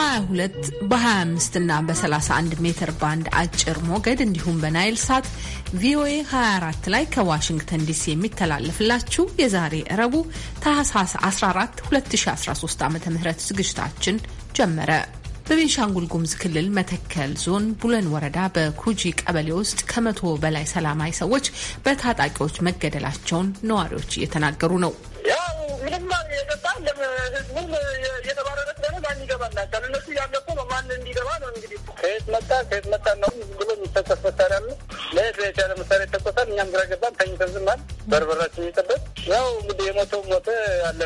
በ22 በ25 እና በ31 ሜትር ባንድ አጭር ሞገድ እንዲሁም በናይል ሳት ቪኦኤ 24 ላይ ከዋሽንግተን ዲሲ የሚተላለፍላችሁ የዛሬ እረቡ ታህሳስ 14 2013 ዓ ም ዝግጅታችን ጀመረ። በቤንሻንጉል ጉሙዝ ክልል መተከል ዞን ቡለን ወረዳ በኩጂ ቀበሌ ውስጥ ከመቶ በላይ ሰላማዊ ሰዎች በታጣቂዎች መገደላቸውን ነዋሪዎች እየተናገሩ ነው። ያው ምንም የጠጣ ህዝቡም የተባረረ በማን ይገባላቸዋል? እነሱ ያለቁ በማን እንዲገባ ነው እንግዲህ ከየት መጣ ከየት መጣ ነው ብሎ የሚተኮስ መሳሪያ ለየት ለየት ያለ መሳሪያ ይተኮሳል። እኛም ግራ ገባን። ተኝተን ዝም አልን። በርበራችን የሚጠበቅ ያው እንግዲህ የሞተው ሞተ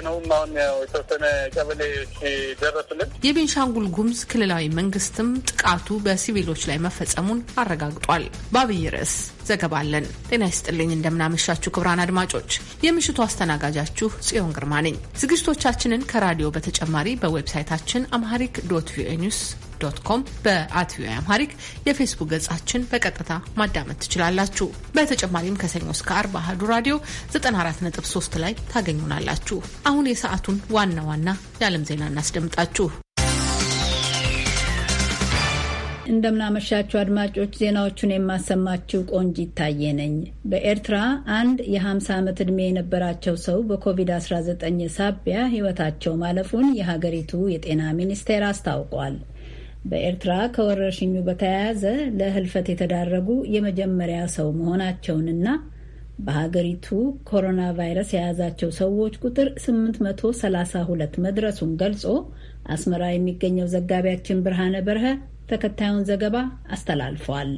ነውም አሁን ያው የተወሰነ ቀበሌዎች ደረሱልን። የቤንሻንጉል ጉሙዝ ክልላዊ መንግስትም ጥቃቱ በሲቪሎች ላይ መፈጸሙን አረጋግጧል። በአብይ ርዕስ ዘገባ አለን። ጤና ይስጥልኝ፣ እንደምናመሻችሁ ክብራን አድማጮች፣ የምሽቱ አስተናጋጃችሁ ጽዮን ግርማ ነኝ። ዝግጅቶቻችንን ከራዲዮ በተጨማሪ በዌብሳይታችን አምሃሪክ ዶት ቪኦኤ ኒውስ ዶት ኮም በአት ቪኦኤ አምሃሪክ የፌስቡክ ገጻችን በቀጥታ ማዳመጥ ትችላላችሁ። በተጨማሪም ከሰኞ እስከ አርብ አህዱ ራዲዮ 94.3 ላይ ታገኙናላችሁ። አሁን የሰዓቱን ዋና ዋና የዓለም ዜና እናስደምጣችሁ። እንደምናመሻችሁ አድማጮች፣ ዜናዎቹን የማሰማችው ቆንጂ ይታየ ነኝ። በኤርትራ አንድ የ50 ዓመት ዕድሜ የነበራቸው ሰው በኮቪድ-19 ሳቢያ ሕይወታቸው ማለፉን የሀገሪቱ የጤና ሚኒስቴር አስታውቋል። በኤርትራ ከወረርሽኙ በተያያዘ ለህልፈት የተዳረጉ የመጀመሪያ ሰው መሆናቸውንና በሀገሪቱ ኮሮና ቫይረስ የያዛቸው ሰዎች ቁጥር 832 መድረሱን ገልጾ አስመራ የሚገኘው ዘጋቢያችን ብርሃነ በርሀ ተከታዩን ዘገባ አስተላልፏል።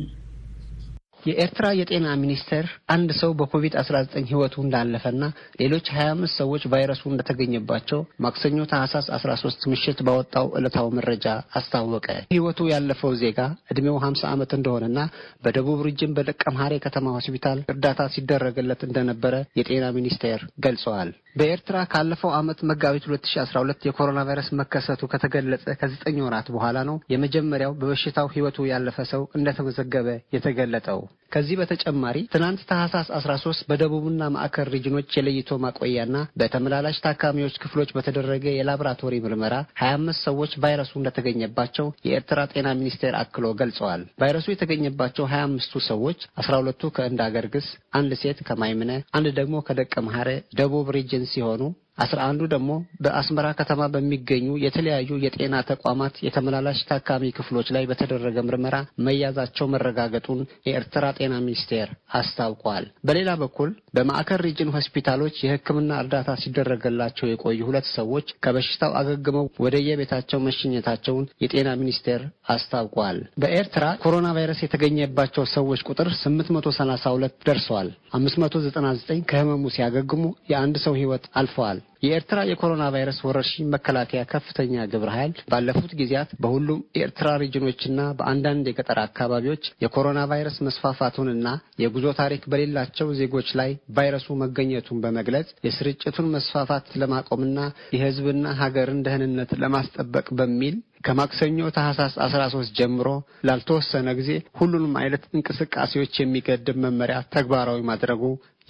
የኤርትራ የጤና ሚኒስቴር አንድ ሰው በኮቪድ-19 ህይወቱ እንዳለፈና ሌሎች 25 ሰዎች ቫይረሱ እንደተገኘባቸው ማክሰኞ ታህሳስ 13 ምሽት ባወጣው ዕለታዊ መረጃ አስታወቀ። ህይወቱ ያለፈው ዜጋ ዕድሜው 50 ዓመት እንደሆነና በደቡብ ሪጅን በደቀምሐሬ ከተማ ሆስፒታል እርዳታ ሲደረግለት እንደነበረ የጤና ሚኒስቴር ገልጸዋል። በኤርትራ ካለፈው ዓመት መጋቢት 2012 የኮሮና ቫይረስ መከሰቱ ከተገለጸ ከዘጠኝ ወራት በኋላ ነው የመጀመሪያው በበሽታው ሕይወቱ ያለፈ ሰው እንደተመዘገበ የተገለጠው። ከዚህ በተጨማሪ ትናንት ታህሳስ 13 በደቡብና ማዕከል ሪጅኖች የለይቶ ማቆያና በተመላላሽ ታካሚዎች ክፍሎች በተደረገ የላቦራቶሪ ምርመራ 25 ሰዎች ቫይረሱ እንደተገኘባቸው የኤርትራ ጤና ሚኒስቴር አክሎ ገልጸዋል። ቫይረሱ የተገኘባቸው 25ቱ ሰዎች 12ቱ ከእንዳገርግስ፣ አንድ ሴት ከማይምነ፣ አንድ ደግሞ ከደቀ መሐረ ደቡብ ሪጅን ሲሆኑ አስራ አንዱ ደግሞ በአስመራ ከተማ በሚገኙ የተለያዩ የጤና ተቋማት የተመላላሽ ታካሚ ክፍሎች ላይ በተደረገ ምርመራ መያዛቸው መረጋገጡን የኤርትራ ጤና ሚኒስቴር አስታውቋል። በሌላ በኩል በማዕከል ሪጅን ሆስፒታሎች የሕክምና እርዳታ ሲደረገላቸው የቆዩ ሁለት ሰዎች ከበሽታው አገግመው ወደየቤታቸው መሸኘታቸውን የጤና ሚኒስቴር አስታውቋል። በኤርትራ ኮሮና ቫይረስ የተገኘባቸው ሰዎች ቁጥር 832 ደርሰዋል። 599 ከህመሙ ሲያገግሙ የአንድ ሰው ሕይወት አልፈዋል። የኤርትራ የኮሮና ቫይረስ ወረርሽኝ መከላከያ ከፍተኛ ግብረ ኃይል ባለፉት ጊዜያት በሁሉም የኤርትራ ሪጅኖችና በአንዳንድ የገጠር አካባቢዎች የኮሮና ቫይረስ መስፋፋቱንና የጉዞ ታሪክ በሌላቸው ዜጎች ላይ ቫይረሱ መገኘቱን በመግለጽ የስርጭቱን መስፋፋት ለማቆምና የሕዝብና ሀገርን ደህንነት ለማስጠበቅ በሚል ከማክሰኞ ታህሳስ 13 ጀምሮ ላልተወሰነ ጊዜ ሁሉንም አይነት እንቅስቃሴዎች የሚገድብ መመሪያ ተግባራዊ ማድረጉ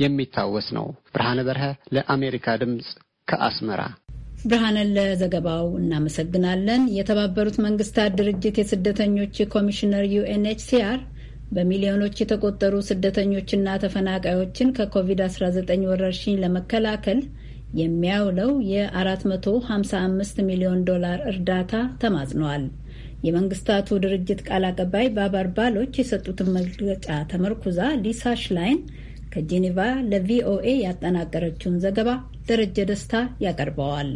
የሚታወስ ነው። ብርሃነ በርሀ ለአሜሪካ ድምፅ ከአስመራ ብርሃንን ለዘገባው እናመሰግናለን። የተባበሩት መንግስታት ድርጅት የስደተኞች ኮሚሽነር ዩኤንኤችሲአር በሚሊዮኖች የተቆጠሩ ስደተኞችና ተፈናቃዮችን ከኮቪድ-19 ወረርሽኝ ለመከላከል የሚያውለው የ455 ሚሊዮን ዶላር እርዳታ ተማጽነዋል። የመንግስታቱ ድርጅት ቃል አቀባይ ባባር ባሎች የሰጡትን መግለጫ ተመርኩዛ ሊሳ ሽላይን ከጄኔቫ ለቪኦኤ ያጠናቀረችውን ዘገባ ደረጀ ደስታ ያቀርበዋል።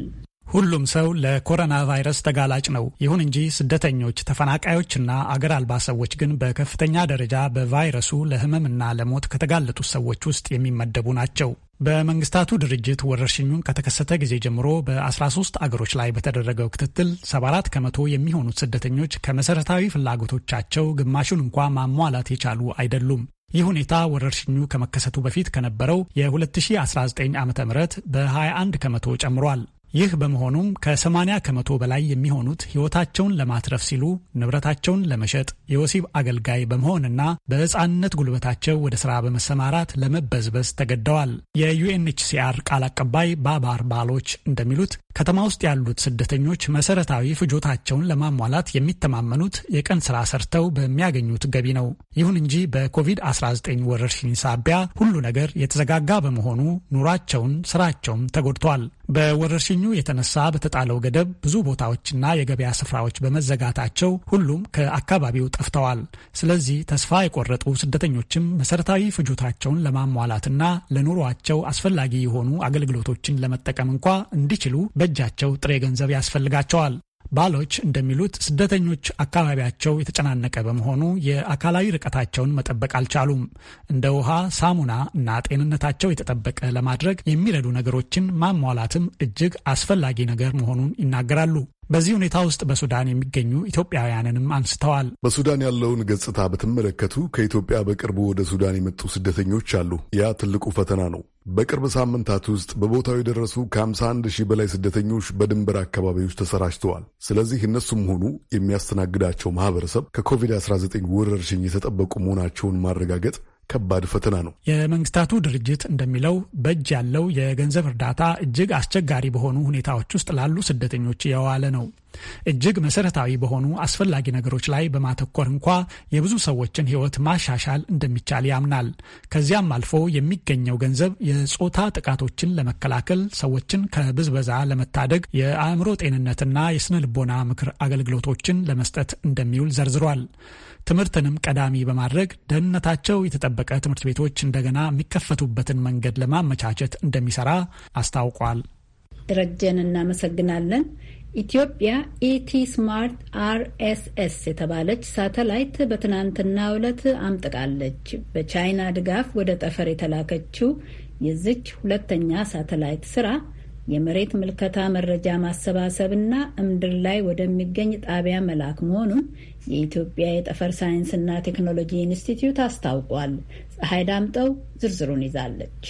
ሁሉም ሰው ለኮሮና ቫይረስ ተጋላጭ ነው። ይሁን እንጂ ስደተኞች፣ ተፈናቃዮችና አገር አልባ ሰዎች ግን በከፍተኛ ደረጃ በቫይረሱ ለህመምና ለሞት ከተጋለጡት ሰዎች ውስጥ የሚመደቡ ናቸው። በመንግስታቱ ድርጅት ወረርሽኙን ከተከሰተ ጊዜ ጀምሮ በ13 አገሮች ላይ በተደረገው ክትትል 74 ከመቶ የሚሆኑት ስደተኞች ከመሰረታዊ ፍላጎቶቻቸው ግማሹን እንኳ ማሟላት የቻሉ አይደሉም። ይህ ሁኔታ ወረርሽኙ ከመከሰቱ በፊት ከነበረው የ2019 ዓ ም በ21 ከመቶ ጨምሯል። ይህ በመሆኑም ከ80 ከመቶ በላይ የሚሆኑት ሕይወታቸውን ለማትረፍ ሲሉ ንብረታቸውን ለመሸጥ የወሲብ አገልጋይ በመሆንና በሕፃንነት ጉልበታቸው ወደ ሥራ በመሰማራት ለመበዝበዝ ተገደዋል። የዩኤንኤችሲአር ቃል አቀባይ ባባር ባሎች እንደሚሉት ከተማ ውስጥ ያሉት ስደተኞች መሰረታዊ ፍጆታቸውን ለማሟላት የሚተማመኑት የቀን ሥራ ሰርተው በሚያገኙት ገቢ ነው። ይሁን እንጂ በኮቪድ-19 ወረርሽኝ ሳቢያ ሁሉ ነገር የተዘጋጋ በመሆኑ ኑሯቸውን፣ ሥራቸውም ተጎድቷል። በወረርሽኙ የተነሳ በተጣለው ገደብ ብዙ ቦታዎችና የገበያ ስፍራዎች በመዘጋታቸው ሁሉም ከአካባቢው ጠፍተዋል። ስለዚህ ተስፋ የቆረጡ ስደተኞችም መሰረታዊ ፍጆታቸውን ለማሟላትና ለኑሯቸው አስፈላጊ የሆኑ አገልግሎቶችን ለመጠቀም እንኳ እንዲችሉ በእጃቸው ጥሬ ገንዘብ ያስፈልጋቸዋል። ባሎች እንደሚሉት ስደተኞች አካባቢያቸው የተጨናነቀ በመሆኑ የአካላዊ ርቀታቸውን መጠበቅ አልቻሉም። እንደ ውሃ፣ ሳሙና እና ጤንነታቸው የተጠበቀ ለማድረግ የሚረዱ ነገሮችን ማሟላትም እጅግ አስፈላጊ ነገር መሆኑን ይናገራሉ። በዚህ ሁኔታ ውስጥ በሱዳን የሚገኙ ኢትዮጵያውያንንም አንስተዋል። በሱዳን ያለውን ገጽታ በተመለከቱ ከኢትዮጵያ በቅርቡ ወደ ሱዳን የመጡ ስደተኞች አሉ። ያ ትልቁ ፈተና ነው። በቅርብ ሳምንታት ውስጥ በቦታው የደረሱ ከ51 ሺህ በላይ ስደተኞች በድንበር አካባቢዎች ተሰራጭተዋል። ስለዚህ እነሱም ሆኑ የሚያስተናግዳቸው ማህበረሰብ ከኮቪድ-19 ወረርሽኝ የተጠበቁ መሆናቸውን ማረጋገጥ ከባድ ፈተና ነው። የመንግስታቱ ድርጅት እንደሚለው በእጅ ያለው የገንዘብ እርዳታ እጅግ አስቸጋሪ በሆኑ ሁኔታዎች ውስጥ ላሉ ስደተኞች የዋለ ነው። እጅግ መሰረታዊ በሆኑ አስፈላጊ ነገሮች ላይ በማተኮር እንኳ የብዙ ሰዎችን ሕይወት ማሻሻል እንደሚቻል ያምናል። ከዚያም አልፎ የሚገኘው ገንዘብ የጾታ ጥቃቶችን ለመከላከል፣ ሰዎችን ከብዝበዛ ለመታደግ፣ የአእምሮ ጤንነትና የስነ ልቦና ምክር አገልግሎቶችን ለመስጠት እንደሚውል ዘርዝሯል። ትምህርትንም ቀዳሚ በማድረግ ደህንነታቸው የተጠበቀ ትምህርት ቤቶች እንደገና የሚከፈቱበትን መንገድ ለማመቻቸት እንደሚሰራ አስታውቋል። ደረጀን እናመሰግናለን። ኢትዮጵያ ኢቲ ስማርት አርኤስኤስ የተባለች ሳተላይት በትናንትናው ዕለት አምጥቃለች። በቻይና ድጋፍ ወደ ጠፈር የተላከችው የዚች ሁለተኛ ሳተላይት ስራ የመሬት ምልከታ መረጃ ማሰባሰብና እምድር ላይ ወደሚገኝ ጣቢያ መላክ መሆኑን የኢትዮጵያ የጠፈር ሳይንስና ቴክኖሎጂ ኢንስቲትዩት አስታውቋል። ፀሐይ ዳምጠው ዝርዝሩን ይዛለች።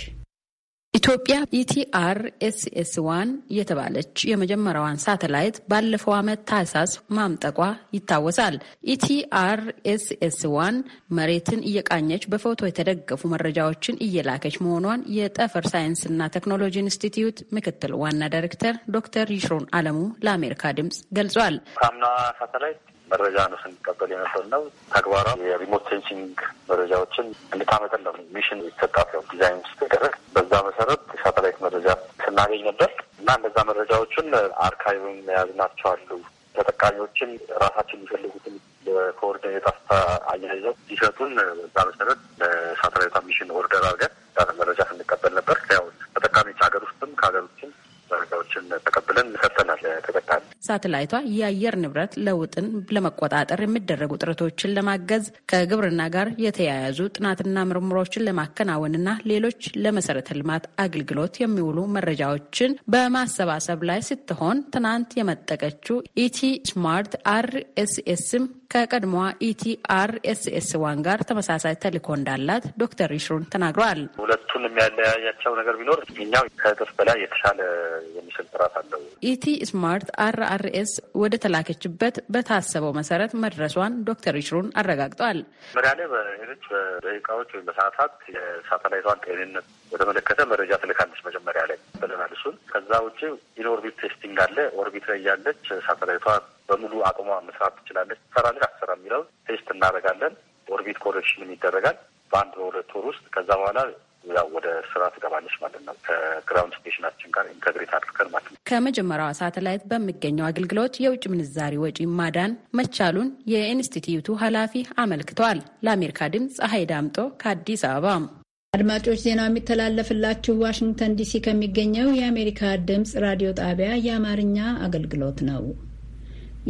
ኢትዮጵያ ኢቲአር ኤስኤስ ዋን የተባለች የመጀመሪያዋን ሳተላይት ባለፈው ዓመት ታህሳስ ማምጠቋ ይታወሳል። ኢቲአር ኤስኤስ ዋን መሬትን እየቃኘች በፎቶ የተደገፉ መረጃዎችን እየላከች መሆኗን የጠፈር ሳይንስና ቴክኖሎጂ ኢንስቲትዩት ምክትል ዋና ዳይሬክተር ዶክተር ይሽሮን አለሙ ለአሜሪካ ድምጽ ገልጿል። ካምና ሳተላይት መረጃ ነው ስንቀበል የነበር ነው። ተግባራ የሪሞት ሴንሲንግ መረጃዎችን እንድታመጠን ነው ሚሽን የተሰጣት ነው ዲዛይን ስትደረግ። በዛ መሰረት ሳተላይት መረጃ ስናገኝ ነበር እና እነዛ መረጃዎችን አርካይቭም መያዝ ናቸዋሉ ተጠቃሚዎችን ራሳችን የሚፈልጉትን ለኮኦርዲኔት አስታ አያይዘው ሲሰጡን በዛ መሰረት ለሳተላይት ሚሽን ኦርደር አድርገን ዳታ መረጃ ስንቀበል ነበር። ያው ተጠቃሚዎች ሀገር ውስጥም ከሀገር ውጭም መረጃዎችን ተቀብለን ሰርተናል። ተቀጣል ሳተላይቷ የአየር ንብረት ለውጥን ለመቆጣጠር የሚደረጉ ጥረቶችን ለማገዝ ከግብርና ጋር የተያያዙ ጥናትና ምርምሮችን ለማከናወንና ሌሎች ለመሰረተ ልማት አገልግሎት የሚውሉ መረጃዎችን በማሰባሰብ ላይ ስትሆን ትናንት የመጠቀችው ኢቲ ስማርት አር ከቀድሞዋ ኢቲ አር ዋን ጋር ተመሳሳይ ተልእኮ እንዳላት ዶክተር ይሽሩን ተናግረዋል። ሁለቱን የሚያለያያቸው ነገር ቢኖር እኛው ከእጥፍ በላይ የተሻለ የሚስል ጥራት አለው። ኢቲ ስማርት አርአርኤስ ወደ ተላከችበት በታሰበው መሰረት መድረሷን ዶክተር ይሽሩን አረጋግጠዋል። መሪያ ላይ በሌሎች በደቂቃዎች ወይም በሰዓታት የሳተላይቷን ጤንነት በተመለከተ መረጃ ትልካለች። መጀመሪያ ላይ ብለናል። እሱን ከዛ ውጭ ኢንኦርቢት ቴስቲንግ አለ። ኦርቢት ላይ ያለች ሳተላይቷ በሙሉ አቅሟ መስራት ትችላለች። ሰራልን አሰራ የሚለው ቴስት እናደርጋለን። ኦርቢት ኮሬክሽንም ይደረጋል በአንድ በሁለት ወር ውስጥ ከዛ በኋላ ያው ወደ ስራ ትገባለች ማለት ነው። ከግራውንድ ስቴሽናችን ጋር ኢንተግሬት አድርገን ማለት ነው። ከመጀመሪያዋ ሳተላይት በሚገኘው አገልግሎት የውጭ ምንዛሪ ወጪ ማዳን መቻሉን የኢንስቲትዩቱ ኃላፊ አመልክተዋል። ለአሜሪካ ድምፅ ፀሐይ ዳምጦ ከአዲስ አበባ። አድማጮች ዜናው የሚተላለፍላችሁ ዋሽንግተን ዲሲ ከሚገኘው የአሜሪካ ድምፅ ራዲዮ ጣቢያ የአማርኛ አገልግሎት ነው።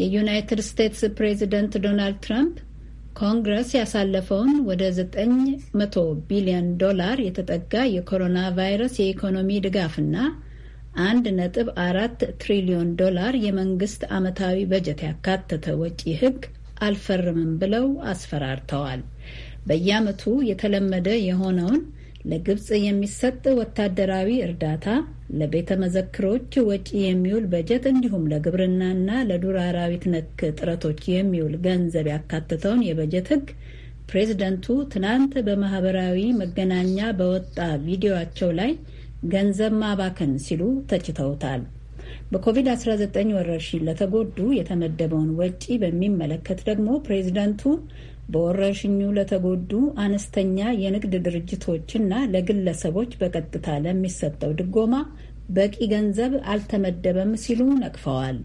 የዩናይትድ ስቴትስ ፕሬዚደንት ዶናልድ ትራምፕ ኮንግረስ ያሳለፈውን ወደ 900 ቢሊዮን ዶላር የተጠጋ የኮሮና ቫይረስ የኢኮኖሚ ድጋፍና አንድ ነጥብ አራት ትሪሊዮን ዶላር የመንግስት ዓመታዊ በጀት ያካተተ ወጪ ህግ አልፈርምም ብለው አስፈራርተዋል። በየዓመቱ የተለመደ የሆነውን ለግብፅ የሚሰጥ ወታደራዊ እርዳታ፣ ለቤተ መዘክሮች ወጪ የሚውል በጀት እንዲሁም ለግብርናና ለዱር አራዊት ነክ ጥረቶች የሚውል ገንዘብ ያካተተውን የበጀት ሕግ ፕሬዝደንቱ ትናንት በማህበራዊ መገናኛ በወጣ ቪዲዮቸው ላይ ገንዘብ ማባከን ሲሉ ተችተውታል። በኮቪድ-19 ወረርሽኝ ለተጎዱ የተመደበውን ወጪ በሚመለከት ደግሞ ፕሬዝደንቱ በወረርሽኙ ለተጎዱ አነስተኛ የንግድ ድርጅቶችና ለግለሰቦች በቀጥታ ለሚሰጠው ድጎማ በቂ ገንዘብ አልተመደበም ሲሉ ነቅፈዋል።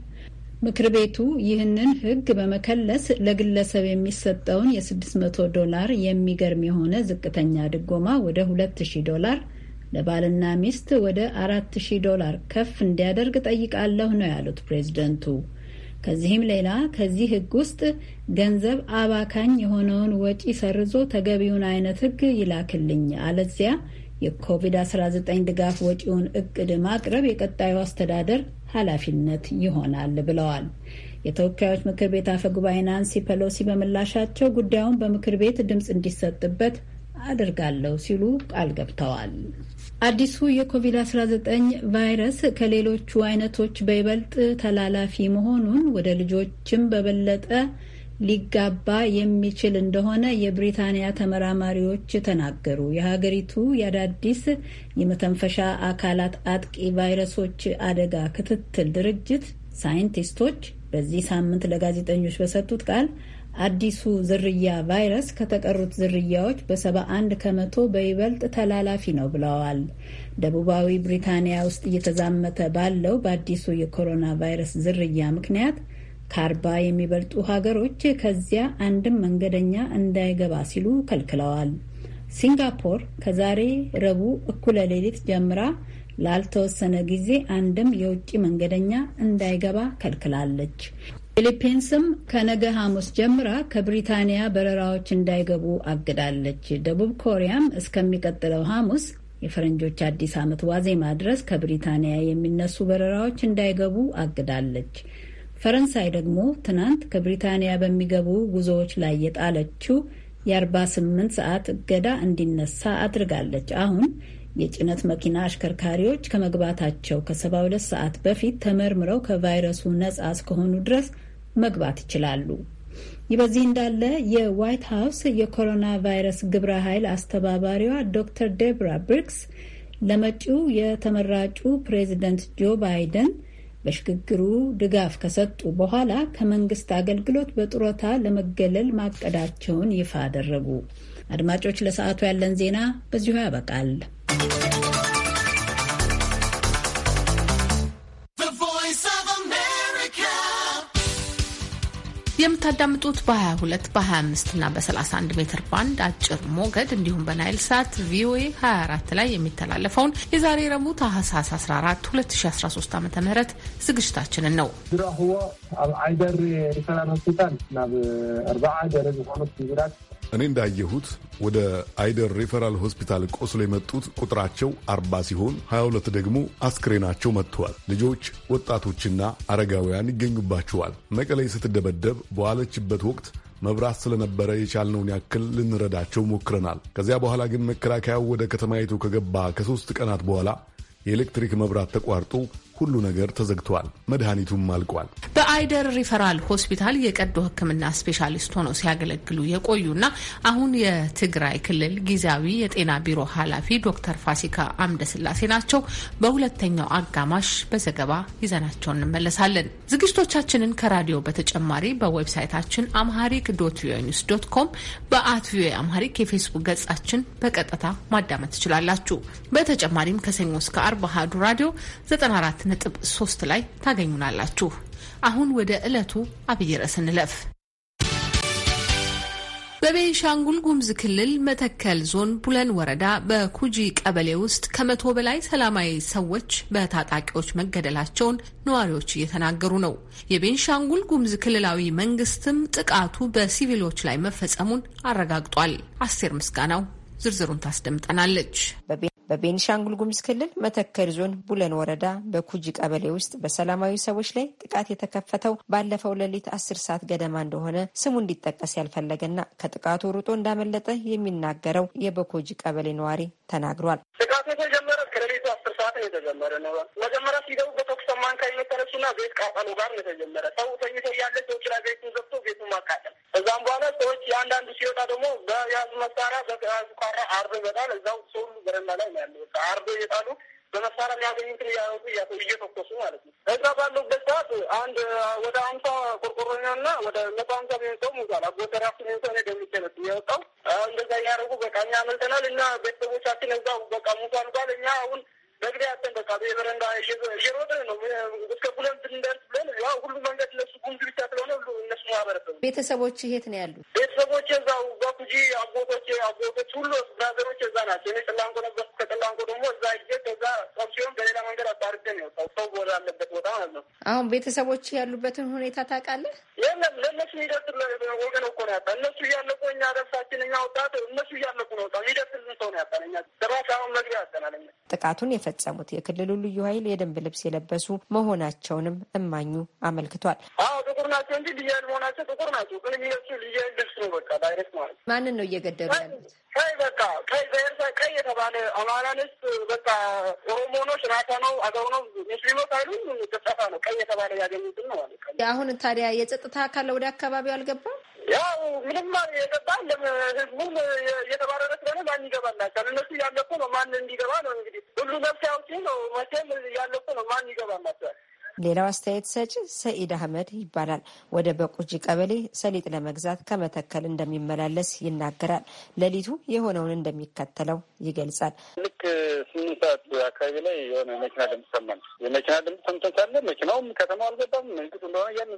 ምክር ቤቱ ይህንን ሕግ በመከለስ ለግለሰብ የሚሰጠውን የ600 ዶላር የሚገርም የሆነ ዝቅተኛ ድጎማ ወደ 2000 ዶላር፣ ለባልና ሚስት ወደ 4000 ዶላር ከፍ እንዲያደርግ ጠይቃለሁ ነው ያሉት ፕሬዝደንቱ። ከዚህም ሌላ ከዚህ ህግ ውስጥ ገንዘብ አባካኝ የሆነውን ወጪ ሰርዞ ተገቢውን አይነት ህግ ይላክልኝ፣ አለዚያ የኮቪድ-19 ድጋፍ ወጪውን እቅድ ማቅረብ የቀጣዩ አስተዳደር ኃላፊነት ይሆናል ብለዋል። የተወካዮች ምክር ቤት አፈ ጉባኤ ናንሲ ፐሎሲ በምላሻቸው ጉዳዩን በምክር ቤት ድምፅ እንዲሰጥበት አደርጋለሁ ሲሉ ቃል ገብተዋል። አዲሱ የኮቪድ-19 ቫይረስ ከሌሎቹ አይነቶች በይበልጥ ተላላፊ መሆኑን ወደ ልጆችም በበለጠ ሊጋባ የሚችል እንደሆነ የብሪታንያ ተመራማሪዎች ተናገሩ። የሀገሪቱ የአዳዲስ የመተንፈሻ አካላት አጥቂ ቫይረሶች አደጋ ክትትል ድርጅት ሳይንቲስቶች በዚህ ሳምንት ለጋዜጠኞች በሰጡት ቃል አዲሱ ዝርያ ቫይረስ ከተቀሩት ዝርያዎች በ71 ከመቶ በይበልጥ ተላላፊ ነው ብለዋል። ደቡባዊ ብሪታንያ ውስጥ እየተዛመተ ባለው በአዲሱ የኮሮና ቫይረስ ዝርያ ምክንያት ከአርባ የሚበልጡ ሀገሮች ከዚያ አንድም መንገደኛ እንዳይገባ ሲሉ ከልክለዋል። ሲንጋፖር ከዛሬ ረቡዕ እኩለ ሌሊት ጀምራ ላልተወሰነ ጊዜ አንድም የውጭ መንገደኛ እንዳይገባ ከልክላለች። ፊሊፒንስም ከነገ ሐሙስ ጀምራ ከብሪታንያ በረራዎች እንዳይገቡ አግዳለች። ደቡብ ኮሪያም እስከሚቀጥለው ሐሙስ የፈረንጆች አዲስ ዓመት ዋዜማ ድረስ ከብሪታንያ የሚነሱ በረራዎች እንዳይገቡ አግዳለች። ፈረንሳይ ደግሞ ትናንት ከብሪታንያ በሚገቡ ጉዞዎች ላይ የጣለችው የ48 ሰዓት እገዳ እንዲነሳ አድርጋለች። አሁን የጭነት መኪና አሽከርካሪዎች ከመግባታቸው ከ72 ሰዓት በፊት ተመርምረው ከቫይረሱ ነጻ እስከሆኑ ድረስ መግባት ይችላሉ። ይህ በዚህ እንዳለ የዋይት ሀውስ የኮሮና ቫይረስ ግብረ ኃይል አስተባባሪዋ ዶክተር ዴብራ ብሪክስ ለመጪው የተመራጩ ፕሬዚደንት ጆ ባይደን በሽግግሩ ድጋፍ ከሰጡ በኋላ ከመንግስት አገልግሎት በጡረታ ለመገለል ማቀዳቸውን ይፋ አደረጉ። አድማጮች፣ ለሰዓቱ ያለን ዜና በዚሁ ያበቃል። የምታዳምጡት በ22 በ25 እና በ31 ሜትር ባንድ አጭር ሞገድ እንዲሁም በናይል ሳት ቪኦኤ 24 ላይ የሚተላለፈውን የዛሬ ረቡዕ ታህሳስ 14 2013 ዓ ም ዝግጅታችንን ነው። ዝረኽቦ ኣብ ዓይደር ሪፈራል ሆስፒታል ናብ 4 ደረጃ ዝኾኑ ጉዳት እኔ እንዳየሁት ወደ አይደር ሪፈራል ሆስፒታል ቆስሎ የመጡት ቁጥራቸው አርባ ሲሆን 22 ደግሞ አስክሬናቸው መጥተዋል። ልጆች፣ ወጣቶችና አረጋውያን ይገኙባቸዋል። መቀሌ ስትደበደብ በዋለችበት ወቅት መብራት ስለነበረ የቻልነውን ያክል ልንረዳቸው ሞክረናል። ከዚያ በኋላ ግን መከላከያው ወደ ከተማይቱ ከገባ ከሦስት ቀናት በኋላ የኤሌክትሪክ መብራት ተቋርጦ ሁሉ ነገር ተዘግተዋል። መድኃኒቱም አልቋል። በአይደር ሪፈራል ሆስፒታል የቀዶ ሕክምና ስፔሻሊስት ሆነው ሲያገለግሉ የቆዩና አሁን የትግራይ ክልል ጊዜያዊ የጤና ቢሮ ኃላፊ ዶክተር ፋሲካ አምደስላሴ ናቸው። በሁለተኛው አጋማሽ በዘገባ ይዘናቸው እንመለሳለን። ዝግጅቶቻችንን ከራዲዮ በተጨማሪ በዌብሳይታችን አምሃሪክ ዶት ቪኦኤ ኒውስ ዶት ኮም በአት ቪኦኤ አምሃሪክ የፌስቡክ ገጻችን በቀጥታ ማዳመጥ ትችላላችሁ። በተጨማሪም ከሰኞ እስከ አርብ አሀዱ ራዲዮ 94 ነጥብ ሶስት ላይ ታገኙናላችሁ። አሁን ወደ ዕለቱ አብይ ርዕስ እንለፍ። በቤንሻንጉል ጉሙዝ ክልል መተከል ዞን ቡለን ወረዳ በኩጂ ቀበሌ ውስጥ ከመቶ በላይ ሰላማዊ ሰዎች በታጣቂዎች መገደላቸውን ነዋሪዎች እየተናገሩ ነው። የቤንሻንጉል ጉሙዝ ክልላዊ መንግስትም ጥቃቱ በሲቪሎች ላይ መፈጸሙን አረጋግጧል። አስቴር ምስጋናው ዝርዝሩን ታስደምጠናለች። በቤንሻንጉል ጉምዝ ክልል መተከል ዞን ቡለን ወረዳ በኩጂ ቀበሌ ውስጥ በሰላማዊ ሰዎች ላይ ጥቃት የተከፈተው ባለፈው ሌሊት አስር ሰዓት ገደማ እንደሆነ ስሙ እንዲጠቀስ ያልፈለገና ከጥቃቱ ሩጦ እንዳመለጠ የሚናገረው የበኮጂ ቀበሌ ነዋሪ ተናግሯል። የተጀመረ ነው። መጀመሪያ ሲገቡ በተኩስ አማካኝ የተነሱና ቤት ቃጠሎ ጋር ነው የተጀመረ። ሰው ተኝቶ እያለ ሰዎች ላይ ቤቱን ዘግቶ ቤቱን ማቃጠል። እዛም በኋላ ሰዎች የአንዳንዱ ሲወጣ ደግሞ በያዙ መሳሪያ በያዙ ኳራ አርዶ ይበጣል። እዛው ሰው በረንዳ ላይ ነው ያለው። አርዶ እየጣሉ በመሳሪያ የሚያገኙትን እያወጡ እየተኮሱ ማለት ነው። እዛ ባሉበት ሰዓት አንድ ወደ አምሳ ና ወደ መቶ አምሳ ሚሆን ሰው ሙቷል። አጎተራሱ ሚሆን ሰው ደሚቸነት የወጣው እንደዛ እያደረጉ በቃ እኛ አመልጠናል እና ቤተሰቦቻችን እዛው በቃ ሙቷል ጓል እኛ አሁን መግቢያ ያተን በቃ በረንዳ እየሮጥን ነው እስከ ቡለን ብንደርስ ብለን ያው ሁሉ መንገድ እነሱ ጉምዝ ብቻ ስለሆነ ሁሉ እነሱ ማህበረሰብ ቤተሰቦች የት ነው ያሉ? ቤተሰቦች እዛው በኩጂ አጎቶች አጎቶች ሁሉ ብራዘሮች እዛ ናቸው። እኔ ጭላንቆ ነበርኩ። ከጭላንቆ ደግሞ እዛ ጊዜ ከዛ ሰው ሲሆን በሌላ መንገድ አባርገን ያው ሰው ጎዳ አለበት ቦታ ማለት ነው። አሁን ቤተሰቦች ያሉበትን ሁኔታ ታውቃለህ? የለም ለእነሱ ሚደርስ ወገን እኮ ነው ያጣ እነሱ እያለቁ እኛ ደርሳችን እኛ ወጣት እነሱ እያለቁ ነው ወጣ ሂደት ሰው ነው ያጣ እኛ ሰባ ሳሁን መግቢያ ያጠናለኛ ጥቃቱን የፈጸሙት የክልሉ ልዩ ኃይል የደንብ ልብስ የለበሱ መሆናቸውንም እማኙ አመልክቷል። አዎ ጥቁር ናቸው እንጂ ልዩ ኃይል መሆናቸው ጥቁር ናቸው፣ ግን የሚለብሱ ልዩ ኃይል ልብስ ነው። በቃ ዳይሬክት ማለት ማንን ነው እየገደሉ ያሉት? ቀይ በቃ ቀይ ዘር ቀይ የተባለ አማራንስ በቃ ኦሮሞ ነው፣ ሽራታ ነው፣ አገው ነው፣ ሙስሊም ነው ሳይሉ ነው። ቀይ የተባለ ያገኙትን ነው አለ። አሁን ታዲያ የጸጥታ አካል ወደ አካባቢው አልገባም። ያው ምንም የገባ ህዝቡም የተባረረ ስለሆነ ማን ይገባላቸዋል? እነሱ ያለቁ ነው። ማን እንዲገባ ነው እንግዲህ ሁሉ ነፍስ ያውጪ ነው። መቼም ያለቁ ነው። ማን ይገባላቸዋል? ሌላው አስተያየት ሰጪ ሰኢድ አህመድ ይባላል። ወደ በቁጂ ቀበሌ ሰሊጥ ለመግዛት ከመተከል እንደሚመላለስ ይናገራል። ሌሊቱ የሆነውን እንደሚከተለው ይገልጻል። ልክ ስምንት ሰዓት አካባቢ ላይ የሆነ መኪና ድምፅ ሰማን። የመኪና ድምፅ ሰምተን ሳለ መኪናውም ከተማው አልገባም መንግስት እንደሆነ ያን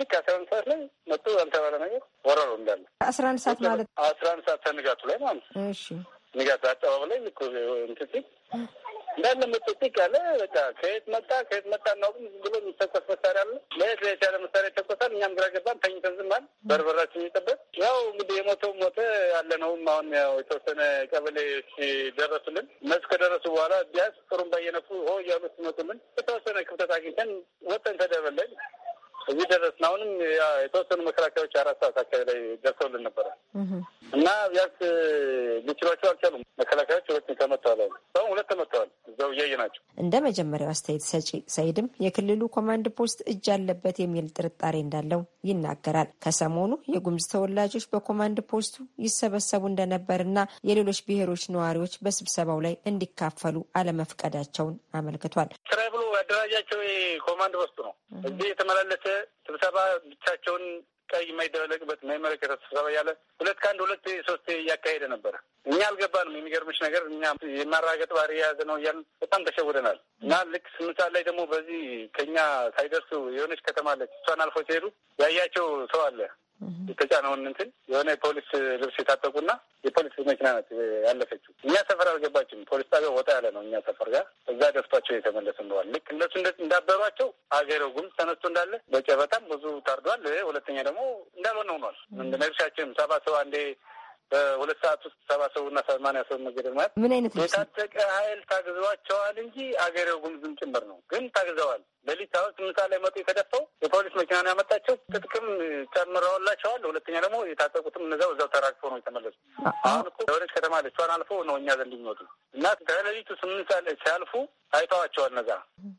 ልክ አስራ አንድ ሰዓት ላይ መጡ ያልተባለ ነገር ወረሩ እንዳለ አስራ አንድ ሰዓት ማለት አስራ አንድ ሰዓት ተንጋቱ ላይ ማለት ንጋት አጠባበ ላይ ልክ እንትን ሲል እንዳለ መጠቅ ያለ በቃ ከየት መጣ ከየት መጣ እናውቅም። ዝም ብሎ የሚተኮስ መሳሪያ አለ። ለየት ለየት ያለ መሳሪያ ይተኮሳል። እኛም ግራ ገባን፣ ተኝተን ዝም አልን። በርበራችን የሚጠበቅ ያው እንግዲህ የሞተው ሞተ ያለ ነውም። አሁን ያው የተወሰነ ቀበሌዎች ደረሱልን። እነሱ ከደረሱ በኋላ ቢያንስ ጥሩምባ እየነፉ ሆ እያሉ ሲመጡልን የተወሰነ ክፍተት አግኝተን ወጠን ተደበለን እዚህ ደረስን። አሁንም የተወሰኑ መከላከያዎች አራት ሰዓት አካባቢ ላይ ደርሰውልን ነበረ እና ቢያንስ ሊችሏቸው አልቻሉም። መከላከያዎች ሁለት ተመተዋል አሉ። ሁለት ተመተዋል እዛው እያየ ናቸው። እንደ መጀመሪያው አስተያየት ሰጪ ሰይድም የክልሉ ኮማንድ ፖስት እጅ አለበት የሚል ጥርጣሬ እንዳለው ይናገራል። ከሰሞኑ የጉምዝ ተወላጆች በኮማንድ ፖስቱ ይሰበሰቡ እንደነበርና የሌሎች ብሔሮች ነዋሪዎች በስብሰባው ላይ እንዲካፈሉ አለመፍቀዳቸውን አመልክቷል። ስራ ብሎ አደራጃቸው ኮማንድ ፖስቱ ነው። እዚህ የተመላለሰ ስብሰባ ብቻቸውን ቀይ የማይደበለቅበት የማይመረከት ስብሰባ ያለ ሁለት ከአንድ ሁለት ሶስት እያካሄደ ነበረ። እኛ አልገባንም። የሚገርምሽ ነገር እኛ የማራገጥ ባህሪ የያዘ ነው እያልን በጣም ተሸውደናል። እና ልክ ስምንት ሰዓት ላይ ደግሞ በዚህ ከኛ ሳይደርሱ የሆነች ከተማ አለች። እሷን አልፎ ሲሄዱ ያያቸው ሰው አለ የተጫነውን እንትን የሆነ የፖሊስ ልብስ የታጠቁና የፖሊስ መኪና ናት ያለፈችው። እኛ ሰፈር አልገባችም። ፖሊስ ጣቢያ ወጣ ያለ ነው እኛ ሰፈር ጋር እዛ ደፍቷቸው የተመለሱ እንደዋል። ልክ እነሱ እንዳበሯቸው አገሬው ጉም ተነስቶ እንዳለ በጨበጣም ብዙ ታርዷል። ሁለተኛ ደግሞ እንዳልሆነ ሆኗል። ነግሻችንም ሰባ ሰው አንዴ በሁለት ሰዓት ውስጥ ሰባ ሰው እና ሰማንያ ሰው መገደል ማለት ምን አይነት የታጠቀ ኃይል ታግዘዋቸዋል እንጂ አገሬው ጉም ዝም ጭምር ነው ግን ታግዘዋል። ሌሊት አሁን ስምንት ሰዓት ላይ መጡ የተደፈው የፖሊስ መኪና ነው ያመጣቸው። ጥጥቅም ጨምረውላቸዋል። ሁለተኛ ደግሞ የታጠቁትም እነዛው እዛው ተራግፎ ነው የተመለሱ። አሁን እኮ የሆነች ከተማ ልሷን አልፎ ነው እኛ ዘንድ የሚወጡ እና ከሌሊቱ ስምንት ሰዓት ላይ ሲያልፉ አይተዋቸዋል። እነዛ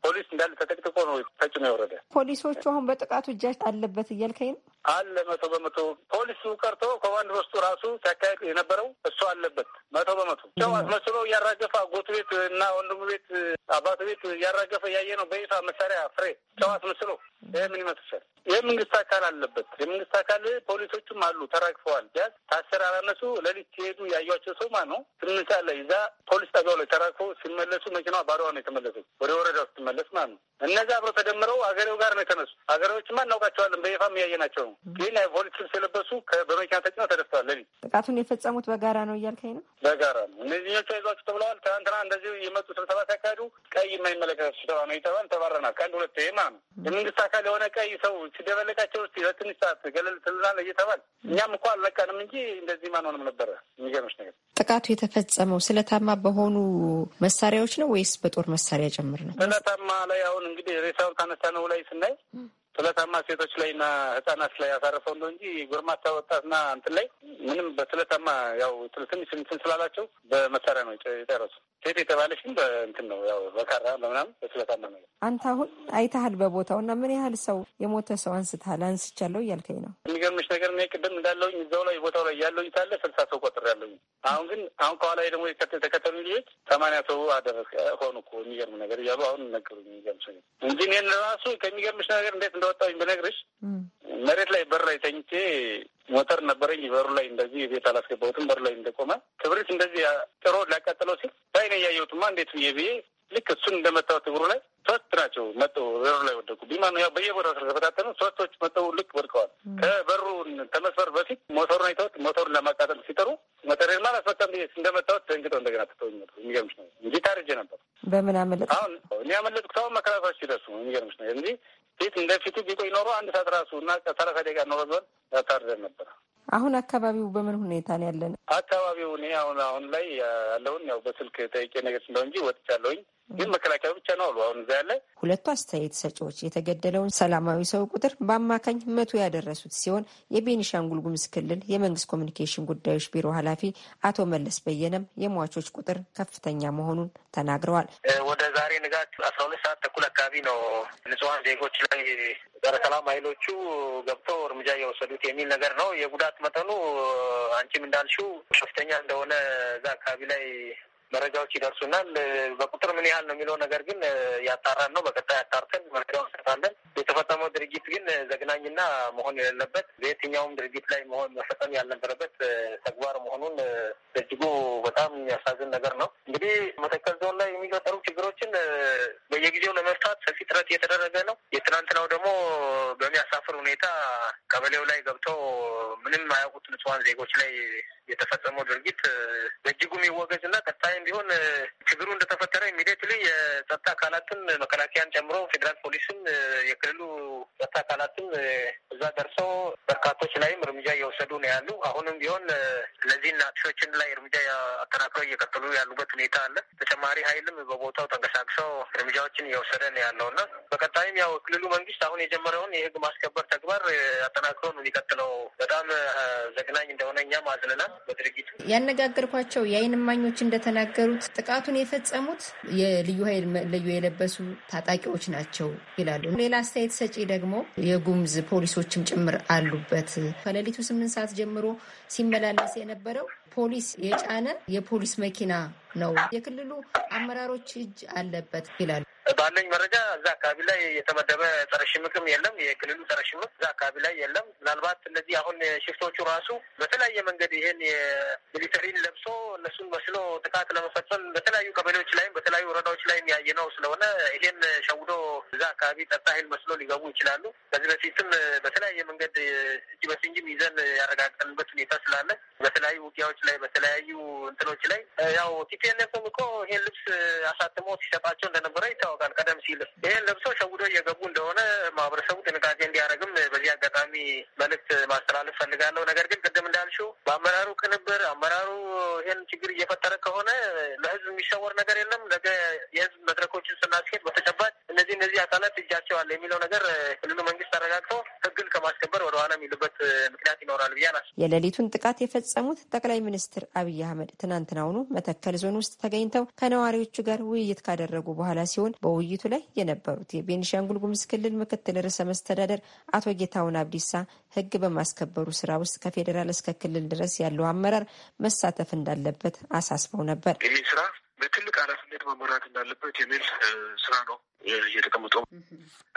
ፖሊስ እንዳለ ተጠቅጥቆ ነው ተጭኖ የወረደ። ፖሊሶቹ አሁን በጥቃቱ እጃች አለበት እያልከኝ ነው? አለ መቶ በመቶ ፖሊሱ ቀርቶ ኮማንድ ፖስቱ ራሱ ሲያካሄድ የነበረው እሱ አለበት መቶ በመቶ ቸው አስመስሎ እያራገፈ አጎቱ ቤት እና ወንድሙ ቤት አባቱ ቤት እያራገፈ እያየ ነው በይፋ መሳሪያ መጀመሪያ ፍሬ ጨው አስመስሎ ይህ ምን ይመስልሻል? ይህ መንግስት አካል አለበት። የመንግስት አካል ፖሊሶቹም አሉ፣ ተራግፈዋል። ቢያዝ ታስር አላነሱ ሌሊት ሲሄዱ ያዩቸው ሰው ማ ነው ስምንት ሰዓት ላይ ፖሊስ ጣቢያው ላይ ተራግፎ ሲመለሱ መኪና ባዶዋ ነው የተመለሱ ወደ ወረዳው ስትመለስ ማለት ነው። እነዚ አብረው ተደምረው አገሬው ጋር ነው የተነሱ። አገሬዎችማ እናውቃቸዋለን፣ በይፋ ናቸው ነው። ግን ፖሊስ ልብስ የለበሱ በመኪና ተጭነው ተደፍተዋል። ለሊት ጥቃቱን የፈጸሙት በጋራ ነው እያልከኝ ነው? በጋራ ነው። እነዚህኞቹ አይዟቸው ተብለዋል። ትናንትና እንደዚህ የመጡ ስብሰባ ሲያካሄዱ ቀይ የማይመለከት ስብሰባ ነው ይተባል ተባረናል። ከአንድ ሁለት ማ ነው የመንግስት አካል የሆነ ቀይ ሰው ሲደበለቃቸው ውስጥ ለትንሽ ሰዓት ገለል ትልናለ እየተባል እኛም እኮ አልለቀንም እንጂ እንደዚህ ማን ሆንም ነበረ። የሚገርምሽ ነገር ጥቃቱ የተፈጸመው ስለታማ በሆኑ መሳሪያዎች ነው ወይስ በጦር መሳሪያ ጭምር ነው? ስለታማ ላይ አሁን እንግዲህ ሬሳውን ካነሳነው ላይ ስናይ ስለታማ ሴቶች ላይ ና ህጻናት ላይ ያሳረፈው እንደ እንጂ ጎርማታ ወጣት ና እንትን ላይ ምንም በስለታማ ያው ትንሽ እንትን ስላላቸው በመሳሪያ ነው የጨረሱ። ሴት የተባለሽም በእንትን ነው ያው በካራ በምናምን በስለታማ ነው። አንተ አሁን አይተሃል በቦታው እና ምን ያህል ሰው የሞተ ሰው አንስተሃል? አንስቻለሁ እያልከኝ ነው። የሚገርምሽ ነገር እኔ ቅድም እንዳለውኝ እዛው ላይ ቦታው ላይ ያለውኝ ሳለ ስልሳ ሰው ቆጥር ያለውኝ አሁን ግን አሁን ከኋላ ደግሞ የተከተሉ ልጆች ሰማንያ ሰው አደረስ ሆኑ እኮ የሚገርም ነገር እያሉ አሁን ነገሩ የሚገርምሽ እንጂ እኔን ራሱ ከሚገርምሽ ነገር እንዴት እንደወጣሁኝ ብነግርሽ መሬት ላይ በር ላይ ተኝቼ ሞተር ነበረኝ። በሩ ላይ እንደዚህ ቤት አላስገባሁትም። በሩ ላይ እንደቆመ ክብሪት እንደዚህ ጥሮ ላቃጠለው ሲል ባይነ እያየሁትማ እንዴት ብዬ ብዬ ልክ እሱን እንደመታወት እግሩ ላይ ሶስት ናቸው መጠው በሩ ላይ ወደቁ። ቢማን ያው በየቦታው ስለተበታተኑ ሶስቶች መጠው ልክ ወድቀዋል። ከበሩ ከመስበር በፊት ሞተሩን አይተውት ሞተሩን ለማቃጠል ሲጠሩ ሞተሬን ማ እንደመታወት ደንግጠው እንደገና ትተውኝ የሚገርምሽ ነው እንጂ ታርጄ ነበር። በምን አመለጥ አሁን እኔ ያመለጥኩት ኖሮ አንድ ሰዓት ራሱ እና ሰላሳ ደቂቃ ኖሮ ዞን ታርደን ነበር። አሁን አካባቢው በምን ሁኔታ ነው ያለ አካባቢው እኔ አሁን አሁን ላይ ያለውን ያው በስልክ ጠይቄ ነገር ስለው እንጂ ወጥቻለሁኝ። ግን መከላከያ ብቻ ነው አሉ አሁን ያለ ሁለቱ አስተያየት ሰጪዎች የተገደለውን ሰላማዊ ሰው ቁጥር በአማካኝ መቶ ያደረሱት ሲሆን የቤኒሻንጉል ጉሙዝ ክልል የመንግስት ኮሚኒኬሽን ጉዳዮች ቢሮ ኃላፊ አቶ መለስ በየነም የሟቾች ቁጥር ከፍተኛ መሆኑን ተናግረዋል። ወደ ዛሬ ንጋት አስራ ሁለት ሰዓት ተኩል አካባቢ ነው ንጹሐን ዜጎች ላይ ጸረ ሰላም ኃይሎቹ ገብተው እርምጃ እየወሰዱት የሚል ነገር ነው። የጉዳት መጠኑ አንቺም እንዳልሽው ከፍተኛ እንደሆነ እዛ አካባቢ ላይ መረጃዎች ይደርሱናል። በቁጥር ምን ያህል ነው የሚለው ነገር ግን ያጣራን ነው። በቀጣይ አጣርተን መረጃ እንሰጣለን። የተፈጸመው ድርጊት ግን ዘግናኝና መሆን የሌለበት በየትኛውም ድርጊት ላይ መሆን መፈጸም ያልነበረበት ተግባር መሆኑን በእጅጉ በጣም የሚያሳዝን ነገር ነው። እንግዲህ መተከል ዞን ላይ የሚፈጠሩ ችግሮችን በየጊዜው ለመፍታት ሰፊ ጥረት እየተደረገ ነው። የትናንትናው ደግሞ በሚያሳፍር ሁኔታ ቀበሌው ላይ ገብተው ምንም አያውቁት ንጹሃን ዜጎች ላይ የተፈጸመው ድርጊት በእጅጉ የሚወገዝ እና ቀጣይም ቢሆን ችግሩ እንደተፈጠረ ኢሚዲየትሊ የጸጥታ አካላትን መከላከያን ጨምሮ ፌዴራል ፖሊስም የክልሉ ጸጥታ አካላትም እዛ ደርሰው በርካቶች ላይም እርምጃ እየወሰዱ ነው ያሉ። አሁንም ቢሆን እነዚህ ናቅሾችን ላይ እርምጃ አጠናክረው እየቀጠሉ ያሉበት ሁኔታ አለ። ተጨማሪ ኃይልም በቦታው ተንቀሳቅሰው እርምጃዎችን እየወሰደ ነው ያለው እና በቀጣይም ያው ክልሉ መንግስት አሁን የጀመረውን የህግ ማስከበር ተግባር አጠናክሮ ነው የሚቀጥለው። በጣም ዘግናኝ እንደሆነ እኛም አዝንናል። በድርጊቱ ያነጋገርኳቸው የአይን እማኞች እንደተናገሩት ጥቃቱን የፈጸሙት የልዩ ኃይል መለዮ የለበሱ ታጣቂዎች ናቸው ይላሉ። ሌላ አስተያየት ሰጪ ደግሞ የጉምዝ ፖሊሶችም ጭምር አሉበት። ከሌሊቱ ስምንት ሰዓት ጀምሮ ሲመላለስ የነበረው ፖሊስ የጫነ የፖሊስ መኪና ነው። የክልሉ አመራሮች እጅ አለበት ይላሉ። ባለኝ መረጃ እዛ አካባቢ ላይ የተመደበ ጸረ ሽምቅም የለም። የክልሉ ጸረ ሽምቅ እዛ አካባቢ ላይ የለም። ምናልባት እነዚህ አሁን ሽፍቶቹ ራሱ በተለያየ መንገድ ይሄን የሚሊተሪን ለብሶ እነሱን መስሎ ጥቃት ለመፈጸም በተለያዩ ቀበሌዎች ላይም በተለያዩ ወረዳዎች ላይም ያየነው ስለሆነ ይሄን ሸውዶ እዛ አካባቢ ጸጥታ ኃይል መስሎ ሊገቡ ይችላሉ። ከዚህ በፊትም በተለያየ መንገድ እጅ በስንጅም ይዘን ያረጋግጠንበት ሁኔታ ስላለ በተለያዩ ውጊያዎች ላይ በተለያዩ እንትኖች ላይ ያው ቲፒኤልኤፍም እኮ ይሄን ልብስ አሳትሞ ሲሰጣቸው እንደነበረ ይታወ ይታወቃል። ቀደም ሲል ይህን ለብሶ ሸውዶ እየገቡ እንደሆነ ማህበረሰቡ ጥንቃቄ እንዲያደርግም በዚህ አጋጣሚ መልእክት ማስተላለፍ ፈልጋለሁ። ነገር ግን ቅድም እንዳልሽው በአመራሩ ቅንብር አመራሩ ይህን ችግር እየፈጠረ ከሆነ ለህዝብ የሚሰወር ነገር የለም። ነገ የህዝብ መድረኮችን ስናስኬድ በተጨባጭ እነዚህ እነዚህ አካላት እጃቸው አለ የሚለው ነገር ክልሉ መንግስት አረጋግተው ህግን ከማስከበር ወደ ኋላ የሚሉበት ምክንያት ይኖራል ብዬ ናስ የሌሊቱን ጥቃት የፈጸሙት ጠቅላይ ሚኒስትር አብይ አህመድ ትናንትናውኑ መተከል ዞን ውስጥ ተገኝተው ከነዋሪዎቹ ጋር ውይይት ካደረጉ በኋላ ሲሆን በውይይቱ ላይ የነበሩት የቤኒሻንጉል ጉምዝ ክልል ምክትል ርዕሰ መስተዳደር አቶ ጌታሁን አብዲሳ ሕግ በማስከበሩ ስራ ውስጥ ከፌዴራል እስከ ክልል ድረስ ያለው አመራር መሳተፍ እንዳለበት አሳስበው ነበር። ይህ ስራ በትልቅ ኃላፊነት መመራት እንዳለበት የሚል ስራ ነው እየተቀምጦ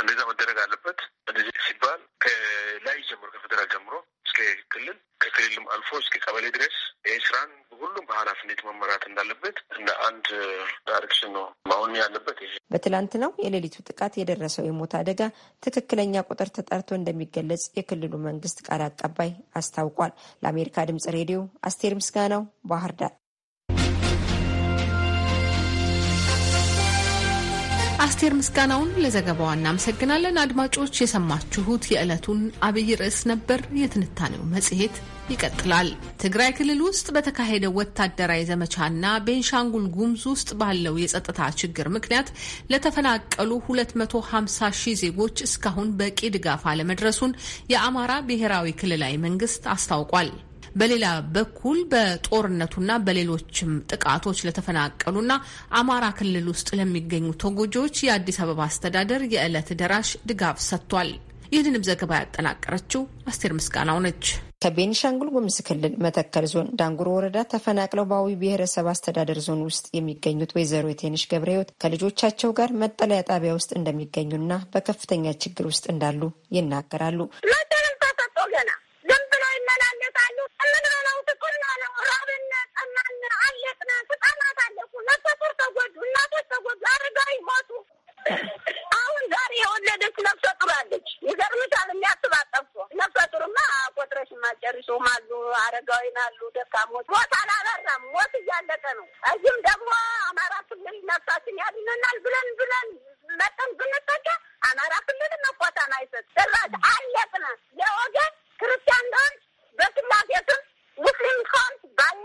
እንደዛ መደረግ አለበት። እንደዚህ ሲባል ከላይ ጀምሮ ከፌደራል ጀምሮ እስከ ክልል ከክልልም አልፎ እስከ ቀበሌ ድረስ ይህ ስራን ሁሉም በኃላፊነት መመራት እንዳለበት እንደ አንድ ዳይሬክሽን ነው መሆን ያለበት። ይሄ በትላንትናው የሌሊቱ ጥቃት የደረሰው የሞት አደጋ ትክክለኛ ቁጥር ተጠርቶ እንደሚገለጽ የክልሉ መንግስት ቃል አቀባይ አስታውቋል። ለአሜሪካ ድምጽ ሬዲዮ አስቴር ምስጋናው ባህር ዳር። አስቴር ምስጋናውን ለዘገባዋ እናመሰግናለን። አድማጮች የሰማችሁት የዕለቱን አብይ ርዕስ ነበር። የትንታኔው መጽሔት ይቀጥላል። ትግራይ ክልል ውስጥ በተካሄደው ወታደራዊ ዘመቻና ቤንሻንጉል ጉሙዝ ውስጥ ባለው የጸጥታ ችግር ምክንያት ለተፈናቀሉ 250 ሺህ ዜጎች እስካሁን በቂ ድጋፍ አለመድረሱን የአማራ ብሔራዊ ክልላዊ መንግስት አስታውቋል። በሌላ በኩል በጦርነቱና በሌሎችም ጥቃቶች ለተፈናቀሉና አማራ ክልል ውስጥ ለሚገኙ ተጎጂዎች የአዲስ አበባ አስተዳደር የዕለት ደራሽ ድጋፍ ሰጥቷል። ይህንንም ዘገባ ያጠናቀረችው አስቴር ምስጋናው ነች። ከቤኒሻንጉል ጉሙዝ ክልል መተከል ዞን ዳንጉሮ ወረዳ ተፈናቅለው በአዊ ብሔረሰብ አስተዳደር ዞን ውስጥ የሚገኙት ወይዘሮ የቴንሽ ገብረ ህይወት ከልጆቻቸው ጋር መጠለያ ጣቢያ ውስጥ እንደሚገኙና በከፍተኛ ችግር ውስጥ እንዳሉ ይናገራሉ። አለቅነ። ህጻናት አለቁ። ነፍሰጡር ተጎዱ። እናቶች ተጎዱ። አረጋዊ ሞቱ። አሁን ዛሬ የወለደች ነፍሰ ጡር አለች። ይገርምታል። የሚያስብ አጠፍቶ ቆጥረሽ የማጨርሺውም አሉ፣ አረጋዊን አሉ፣ ደካሞች። ሞት አላበራም። ሞት እያለቀ ነው። እዚህም ደግሞ አማራ ክልል ነፍሳችን ያድነናል ብለን ብለን መጠን ብንጠቀ አማራ ክልል መቆጣን አይሰጥ ጭራሽ አለቅነ። የወገን ክርስቲያን እንደሆን በስላሴ ስም ሙስሊም ከሆን ባላ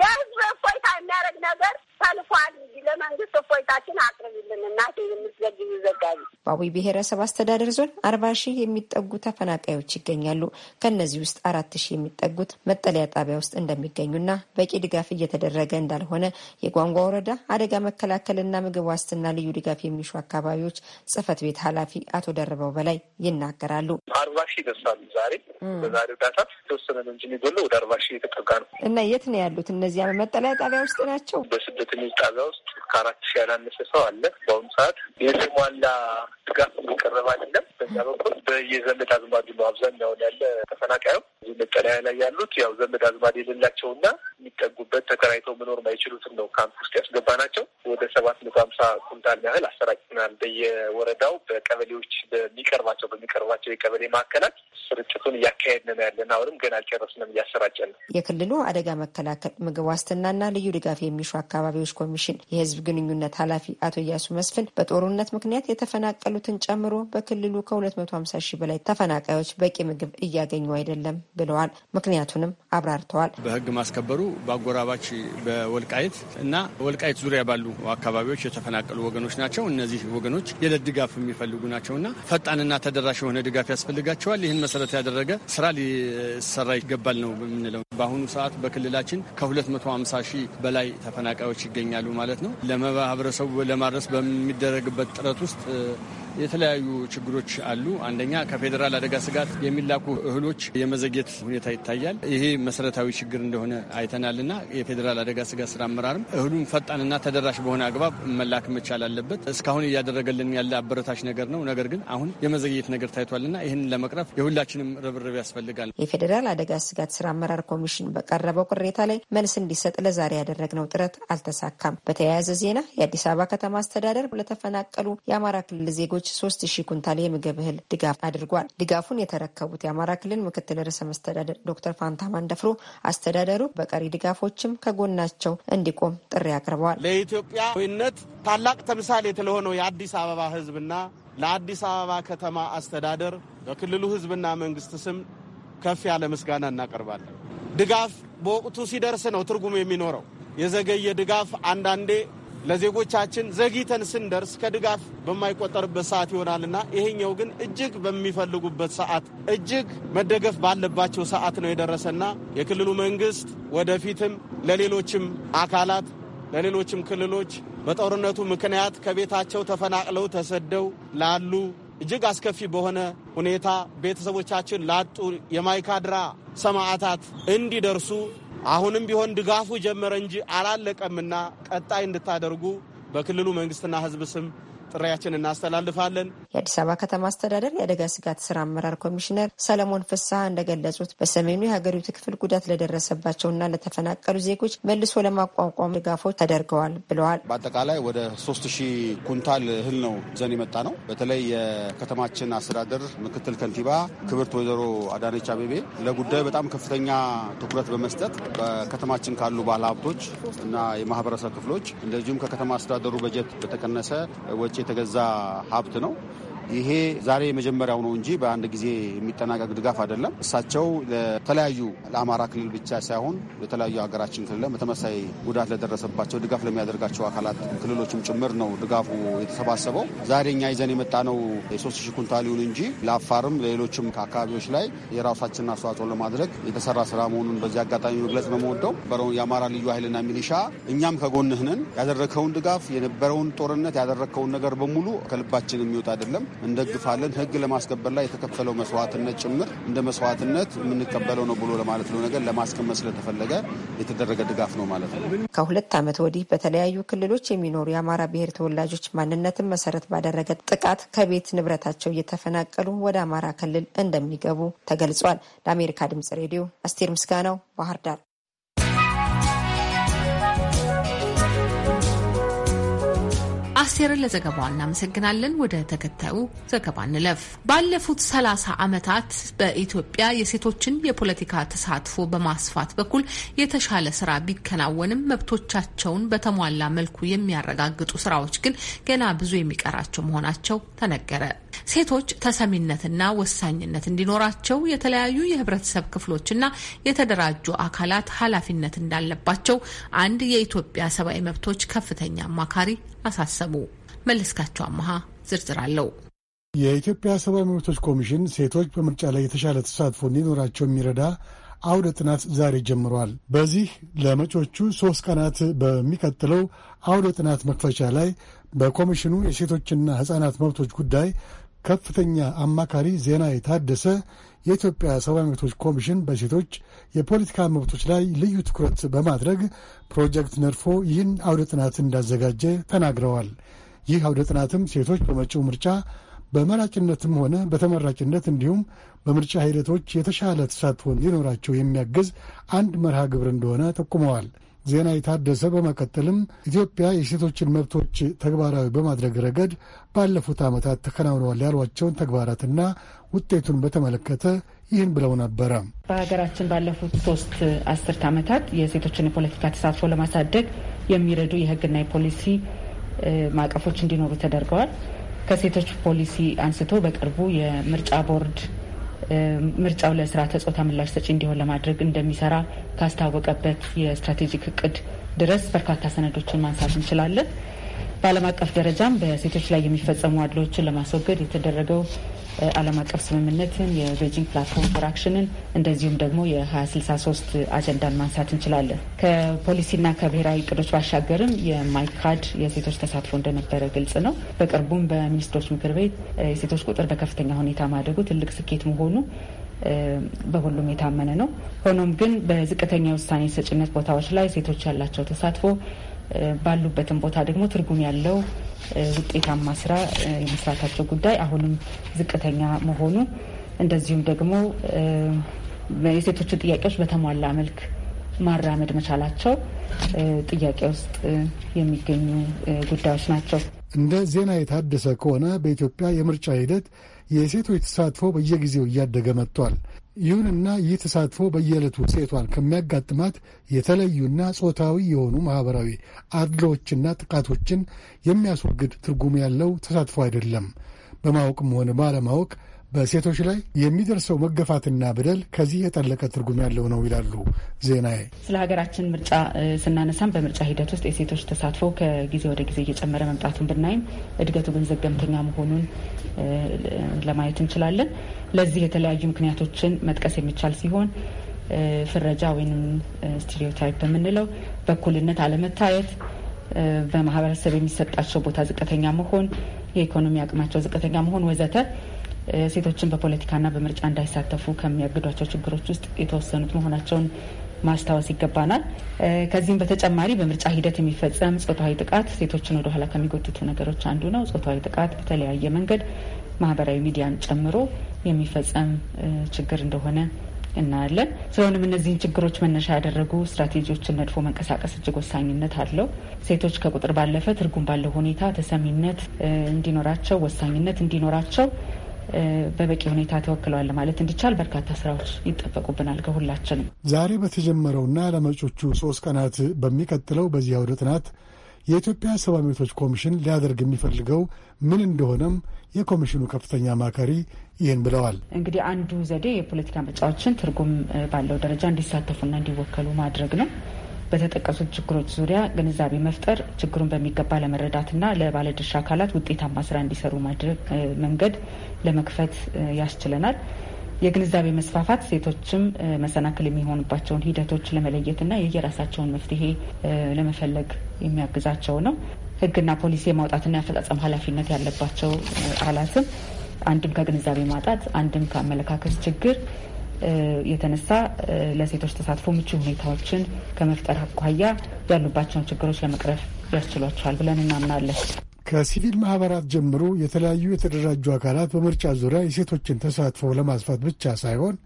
ለህዝብ እፎይታ የሚያደርግ ነገር ተልፏል። ለመንግስት እፎይታችን አቅርብልን እና የምትዘግቢ ዘጋቢ። በአዊ ብሔረሰብ አስተዳደር ዞን አርባ ሺህ የሚጠጉ ተፈናቃዮች ይገኛሉ። ከእነዚህ ውስጥ አራት ሺህ የሚጠጉት መጠለያ ጣቢያ ውስጥ እንደሚገኙና በቂ ድጋፍ እየተደረገ እንዳልሆነ የጓንጓ ወረዳ አደጋ መከላከልና ምግብ ዋስትና ልዩ ድጋፍ የሚሹ አካባቢዎች ጽህፈት ቤት ኃላፊ አቶ ደርበው በላይ ይናገራሉ። አርባ ሺህ ደርሳሉ። ዛሬ በዛሬ እርዳታ ተወሰነ ነው እንጂ የሚጎለው ወደ አርባ ሺህ የተጠጋ ነው እና የት ነው ያሉት እነዚያ በመጠለያ ጣቢያ ውስጥ ናቸው። በስደተኞች ጣቢያ ውስጥ ከአራት ሺ ያላነሰ ሰው አለ። በአሁኑ ሰዓት የተሟላ ድጋፍ እየቀረበ አይደለም። በዛ በኩል በየዘመድ አዝማድ ነው አብዛኛውን ያለ ተፈናቃዩ እዚህ መጠለያ ላይ ያሉት ያው ዘመድ አዝማድ የሌላቸውና የሚጠጉበት ተከራይተው መኖር ማይችሉትን ነው ካምፕ ውስጥ ያስገባ ናቸው። ወደ ሰባት መቶ ሀምሳ ኩንታል ያህል አሰራጭናል። በየወረዳው በቀበሌዎች በሚቀርባቸው በሚቀርባቸው የቀበሌ ማዕከላት ስርጭቱን እያካሄድን ነው ያለን። አሁንም ገና አልጨረስንም፣ እያሰራጨን ነው። የክልሉ አደጋ መከላከል የምግብ ዋስትናና ልዩ ድጋፍ የሚሹ አካባቢዎች ኮሚሽን የህዝብ ግንኙነት ኃላፊ አቶ እያሱ መስፍን በጦርነት ምክንያት የተፈናቀሉትን ጨምሮ በክልሉ ከ250 ሺህ በላይ ተፈናቃዮች በቂ ምግብ እያገኙ አይደለም ብለዋል። ምክንያቱንም አብራርተዋል። በህግ ማስከበሩ በአጎራባች በወልቃይት እና ወልቃይት ዙሪያ ባሉ አካባቢዎች የተፈናቀሉ ወገኖች ናቸው። እነዚህ ወገኖች የዕለት ድጋፍ የሚፈልጉ ናቸውና ፈጣንና ተደራሽ የሆነ ድጋፍ ያስፈልጋቸዋል። ይህን መሰረት ያደረገ ስራ ሊሰራ ይገባል ነው የምንለው። በአሁኑ ሰዓት በክልላችን ከ 250 ሺህ በላይ ተፈናቃዮች ይገኛሉ ማለት ነው። ለማህበረሰቡ ለማድረስ በሚደረግበት ጥረት ውስጥ የተለያዩ ችግሮች አሉ። አንደኛ ከፌዴራል አደጋ ስጋት የሚላኩ እህሎች የመዘግየት ሁኔታ ይታያል። ይሄ መሰረታዊ ችግር እንደሆነ አይተናልና የፌዴራል አደጋ ስጋት ስራ አመራርም እህሉን ፈጣንና ተደራሽ በሆነ አግባብ መላክ መቻል አለበት። እስካሁን እያደረገልን ያለ አበረታች ነገር ነው። ነገር ግን አሁን የመዘግየት ነገር ታይቷልና ይህን ለመቅረፍ የሁላችንም ርብርብ ያስፈልጋል። የፌዴራል አደጋ ስጋት ስራ አመራር ኮሚሽን በቀረበው ቅሬታ ላይ መልስ እንዲሰጥ ለዛሬ ያደረግነው ጥረት አልተሳካም። በተያያዘ ዜና የአዲስ አበባ ከተማ አስተዳደር ለተፈናቀሉ የአማራ ክልል ዜጎች ሰዎች ሶስት ሺህ ኩንታል የምግብ እህል ድጋፍ አድርጓል። ድጋፉን የተረከቡት የአማራ ክልል ምክትል ርዕሰ መስተዳደር ዶክተር ፋንታ ማንደፍሮ አስተዳደሩ በቀሪ ድጋፎችም ከጎናቸው እንዲቆም ጥሪ አቅርበዋል። ለኢትዮጵያዊነት ታላቅ ተምሳሌት ለሆነው የአዲስ አበባ ሕዝብና ለአዲስ አበባ ከተማ አስተዳደር በክልሉ ህዝብና መንግስት ስም ከፍ ያለ ምስጋና እናቀርባለን። ድጋፍ በወቅቱ ሲደርስ ነው ትርጉም የሚኖረው። የዘገየ ድጋፍ አንዳንዴ ለዜጎቻችን ዘግይተን ስንደርስ ከድጋፍ በማይቆጠርበት ሰዓት ይሆናልና ይሄኛው ግን እጅግ በሚፈልጉበት ሰዓት እጅግ መደገፍ ባለባቸው ሰዓት ነው የደረሰና የክልሉ መንግስት ወደፊትም ለሌሎችም አካላት ለሌሎችም ክልሎች በጦርነቱ ምክንያት ከቤታቸው ተፈናቅለው ተሰደው ላሉ እጅግ አስከፊ በሆነ ሁኔታ ቤተሰቦቻችን ላጡ የማይካድራ ሰማዕታት እንዲደርሱ አሁንም ቢሆን ድጋፉ ጀመረ እንጂ አላለቀምና ቀጣይ እንድታደርጉ በክልሉ መንግስትና ህዝብ ስም ጥሪያችን እናስተላልፋለን። የአዲስ አበባ ከተማ አስተዳደር የአደጋ ስጋት ስራ አመራር ኮሚሽነር ሰለሞን ፍስሐ እንደገለጹት በሰሜኑ የሀገሪቱ ክፍል ጉዳት ለደረሰባቸውና ለተፈናቀሉ ዜጎች መልሶ ለማቋቋም ድጋፎች ተደርገዋል ብለዋል። በአጠቃላይ ወደ ሶስት ሺህ ኩንታል እህል ነው ዘን የመጣ ነው። በተለይ የከተማችን አስተዳደር ምክትል ከንቲባ ክብርት ወይዘሮ አዳነች አቤቤ ለጉዳዩ በጣም ከፍተኛ ትኩረት በመስጠት በከተማችን ካሉ ባለ ሀብቶች እና የማህበረሰብ ክፍሎች እንደዚሁም ከከተማ አስተዳደሩ በጀት በተቀነሰ ወጪ የተገዛ ሀብት ነው። ይሄ ዛሬ የመጀመሪያው ነው እንጂ በአንድ ጊዜ የሚጠናቀቅ ድጋፍ አይደለም። እሳቸው ለተለያዩ ለአማራ ክልል ብቻ ሳይሆን ለተለያዩ ሀገራችን ክልል በተመሳይ ጉዳት ለደረሰባቸው ድጋፍ ለሚያደርጋቸው አካላት ክልሎችም ጭምር ነው ድጋፉ የተሰባሰበው። ዛሬ እኛ ይዘን የመጣ ነው የሶስት ሺህ ኩንታል ይሁን እንጂ ለአፋርም ለሌሎችም አካባቢዎች ላይ የራሳችንን አስተዋጽኦ ለማድረግ የተሰራ ስራ መሆኑን በዚህ አጋጣሚ መግለጽ ነው የምወደው። የአማራ ልዩ ኃይልና ሚሊሻ እኛም ከጎንህ ነን። ያደረግከውን ድጋፍ የነበረውን ጦርነት ያደረግከውን ነገር በሙሉ ከልባችን የሚወጣ አይደለም። እንደግፋለን። ህግ ለማስከበር ላይ የተከፈለው መስዋዕትነት ጭምር እንደ መስዋዕትነት የምንቀበለው ነው ብሎ ለማለት ነው ነገር ለማስቀመጥ ስለተፈለገ የተደረገ ድጋፍ ነው ማለት ነው። ከሁለት ዓመት ወዲህ በተለያዩ ክልሎች የሚኖሩ የአማራ ብሔር ተወላጆች ማንነትን መሰረት ባደረገ ጥቃት ከቤት ንብረታቸው እየተፈናቀሉ ወደ አማራ ክልል እንደሚገቡ ተገልጿል። ለአሜሪካ ድምጽ ሬዲዮ አስቴር ምስጋናው ባህር ዳር። አስቴርን ለዘገባው እናመሰግናለን። ወደ ተከታዩ ዘገባ እንለፍ። ባለፉት 30 ዓመታት በኢትዮጵያ የሴቶችን የፖለቲካ ተሳትፎ በማስፋት በኩል የተሻለ ስራ ቢከናወንም መብቶቻቸውን በተሟላ መልኩ የሚያረጋግጡ ስራዎች ግን ገና ብዙ የሚቀራቸው መሆናቸው ተነገረ። ሴቶች ተሰሚነትና ወሳኝነት እንዲኖራቸው የተለያዩ የህብረተሰብ ክፍሎችና የተደራጁ አካላት ኃላፊነት እንዳለባቸው አንድ የኢትዮጵያ ሰብአዊ መብቶች ከፍተኛ አማካሪ አሳሰቡ። መለስካቸው አመሃ ዝርዝር አለው። የኢትዮጵያ ሰብአዊ መብቶች ኮሚሽን ሴቶች በምርጫ ላይ የተሻለ ተሳትፎ እንዲኖራቸው የሚረዳ አውደ ጥናት ዛሬ ጀምሯል። በዚህ ለመጪዎቹ ሶስት ቀናት በሚቀጥለው አውደ ጥናት መክፈቻ ላይ በኮሚሽኑ የሴቶችና ሕፃናት መብቶች ጉዳይ ከፍተኛ አማካሪ ዜና ታደሰ የኢትዮጵያ ሰብአዊ መብቶች ኮሚሽን በሴቶች የፖለቲካ መብቶች ላይ ልዩ ትኩረት በማድረግ ፕሮጀክት ነድፎ ይህን አውደ ጥናት እንዳዘጋጀ ተናግረዋል። ይህ አውደ ጥናትም ሴቶች በመጪው ምርጫ በመራጭነትም ሆነ በተመራጭነት እንዲሁም በምርጫ ሂደቶች የተሻለ ተሳትፎ እንዲኖራቸው የሚያግዝ አንድ መርሃ ግብር እንደሆነ ጠቁመዋል። ዜና የታደሰ በመቀጠልም ኢትዮጵያ የሴቶችን መብቶች ተግባራዊ በማድረግ ረገድ ባለፉት ዓመታት ተከናውነዋል ያሏቸውን ተግባራትና ውጤቱን በተመለከተ ይህን ብለው ነበረ። በሀገራችን ባለፉት ሶስት አስርት ዓመታት የሴቶችን የፖለቲካ ተሳትፎ ለማሳደግ የሚረዱ የህግና የፖሊሲ ማዕቀፎች እንዲኖሩ ተደርገዋል። ከሴቶች ፖሊሲ አንስቶ በቅርቡ የምርጫ ቦርድ ምርጫው ለስርዓተ ጾታ ምላሽ ሰጪ እንዲሆን ለማድረግ እንደሚሰራ ካስታወቀበት የስትራቴጂክ እቅድ ድረስ በርካታ ሰነዶችን ማንሳት እንችላለን። በዓለም አቀፍ ደረጃም በሴቶች ላይ የሚፈጸሙ አድሎዎችን ለማስወገድ የተደረገው ዓለም አቀፍ ስምምነትን የቤጂንግ ፕላትፎርም ፎር አክሽንን እንደዚሁም ደግሞ የ2063 አጀንዳን ማንሳት እንችላለን። ከፖሊሲና ከብሔራዊ እቅዶች ባሻገርም የማይካድ የሴቶች ተሳትፎ እንደነበረ ግልጽ ነው። በቅርቡም በሚኒስትሮች ምክር ቤት የሴቶች ቁጥር በከፍተኛ ሁኔታ ማደጉ ትልቅ ስኬት መሆኑ በሁሉም የታመነ ነው። ሆኖም ግን በዝቅተኛ ውሳኔ ሰጭነት ቦታዎች ላይ ሴቶች ያላቸው ተሳትፎ ባሉበትም ቦታ ደግሞ ትርጉም ያለው ውጤታማ ስራ የመስራታቸው ጉዳይ አሁንም ዝቅተኛ መሆኑ እንደዚሁም ደግሞ የሴቶችን ጥያቄዎች በተሟላ መልክ ማራመድ መቻላቸው ጥያቄ ውስጥ የሚገኙ ጉዳዮች ናቸው። እንደ ዜና የታደሰ ከሆነ በኢትዮጵያ የምርጫ ሂደት የሴቶች ተሳትፎ በየጊዜው እያደገ መጥቷል። ይሁንና ይህ ተሳትፎ በየዕለቱ ሴቷን ከሚያጋጥማት የተለዩና ጾታዊ የሆኑ ማኅበራዊ አድሎዎችና ጥቃቶችን የሚያስወግድ ትርጉም ያለው ተሳትፎ አይደለም። በማወቅም ሆነ ባለማወቅ በሴቶች ላይ የሚደርሰው መገፋትና በደል ከዚህ የጠለቀ ትርጉም ያለው ነው ይላሉ ዜናዬ። ስለ ሀገራችን ምርጫ ስናነሳም በምርጫ ሂደት ውስጥ የሴቶች ተሳትፎ ከጊዜ ወደ ጊዜ እየጨመረ መምጣቱን ብናይም እድገቱ ግን ዘገምተኛ መሆኑን ለማየት እንችላለን። ለዚህ የተለያዩ ምክንያቶችን መጥቀስ የሚቻል ሲሆን ፍረጃ ወይም ስቴሪዮታይፕ በምንለው በእኩልነት አለመታየት፣ በማህበረሰብ የሚሰጣቸው ቦታ ዝቅተኛ መሆን፣ የኢኮኖሚ አቅማቸው ዝቅተኛ መሆን ወዘተ ሴቶችን በፖለቲካና በምርጫ እንዳይሳተፉ ከሚያግዷቸው ችግሮች ውስጥ የተወሰኑት መሆናቸውን ማስታወስ ይገባናል። ከዚህም በተጨማሪ በምርጫ ሂደት የሚፈጸም ጾታዊ ጥቃት ሴቶችን ወደኋላ ከሚጎትቱ ነገሮች አንዱ ነው። ጾታዊ ጥቃት በተለያየ መንገድ ማህበራዊ ሚዲያን ጨምሮ የሚፈጸም ችግር እንደሆነ እናያለን። ስለሆነም እነዚህን ችግሮች መነሻ ያደረጉ ስትራቴጂዎችን ነድፎ መንቀሳቀስ እጅግ ወሳኝነት አለው። ሴቶች ከቁጥር ባለፈ ትርጉም ባለው ሁኔታ ተሰሚነት እንዲኖራቸው፣ ወሳኝነት እንዲኖራቸው በበቂ ሁኔታ ተወክለዋል ማለት እንዲቻል በርካታ ስራዎች ይጠበቁብናል ከሁላችንም። ዛሬ በተጀመረውና ለመጮቹ ሶስት ቀናት በሚቀጥለው በዚህ አውደ ጥናት የኢትዮጵያ ሰብአዊ መብቶች ኮሚሽን ሊያደርግ የሚፈልገው ምን እንደሆነም የኮሚሽኑ ከፍተኛ አማካሪ ይህን ብለዋል። እንግዲህ አንዱ ዘዴ የፖለቲካ ምርጫዎችን ትርጉም ባለው ደረጃ እንዲሳተፉና እንዲወከሉ ማድረግ ነው። በተጠቀሱት ችግሮች ዙሪያ ግንዛቤ መፍጠር፣ ችግሩን በሚገባ ለመረዳትና ለባለድርሻ አካላት ውጤታማ ስራ እንዲሰሩ ማድረግ መንገድ ለመክፈት ያስችለናል። የግንዛቤ መስፋፋት ሴቶችም መሰናክል የሚሆኑባቸውን ሂደቶች ለመለየትና የየራሳቸውን መፍትሄ ለመፈለግ የሚያግዛቸው ነው። ሕግና ፖሊሲ የማውጣትና የአፈጻጸም ኃላፊነት ያለባቸው አላትም አንድም ከግንዛቤ ማጣት አንድም ከአመለካከት ችግር የተነሳ ለሴቶች ተሳትፎ ምቹ ሁኔታዎችን ከመፍጠር አኳያ ያሉባቸውን ችግሮች ለመቅረፍ ያስችሏቸዋል ብለን እናምናለን። ከሲቪል ማህበራት ጀምሮ የተለያዩ የተደራጁ አካላት በምርጫ ዙሪያ የሴቶችን ተሳትፎ ለማስፋት ብቻ ሳይሆን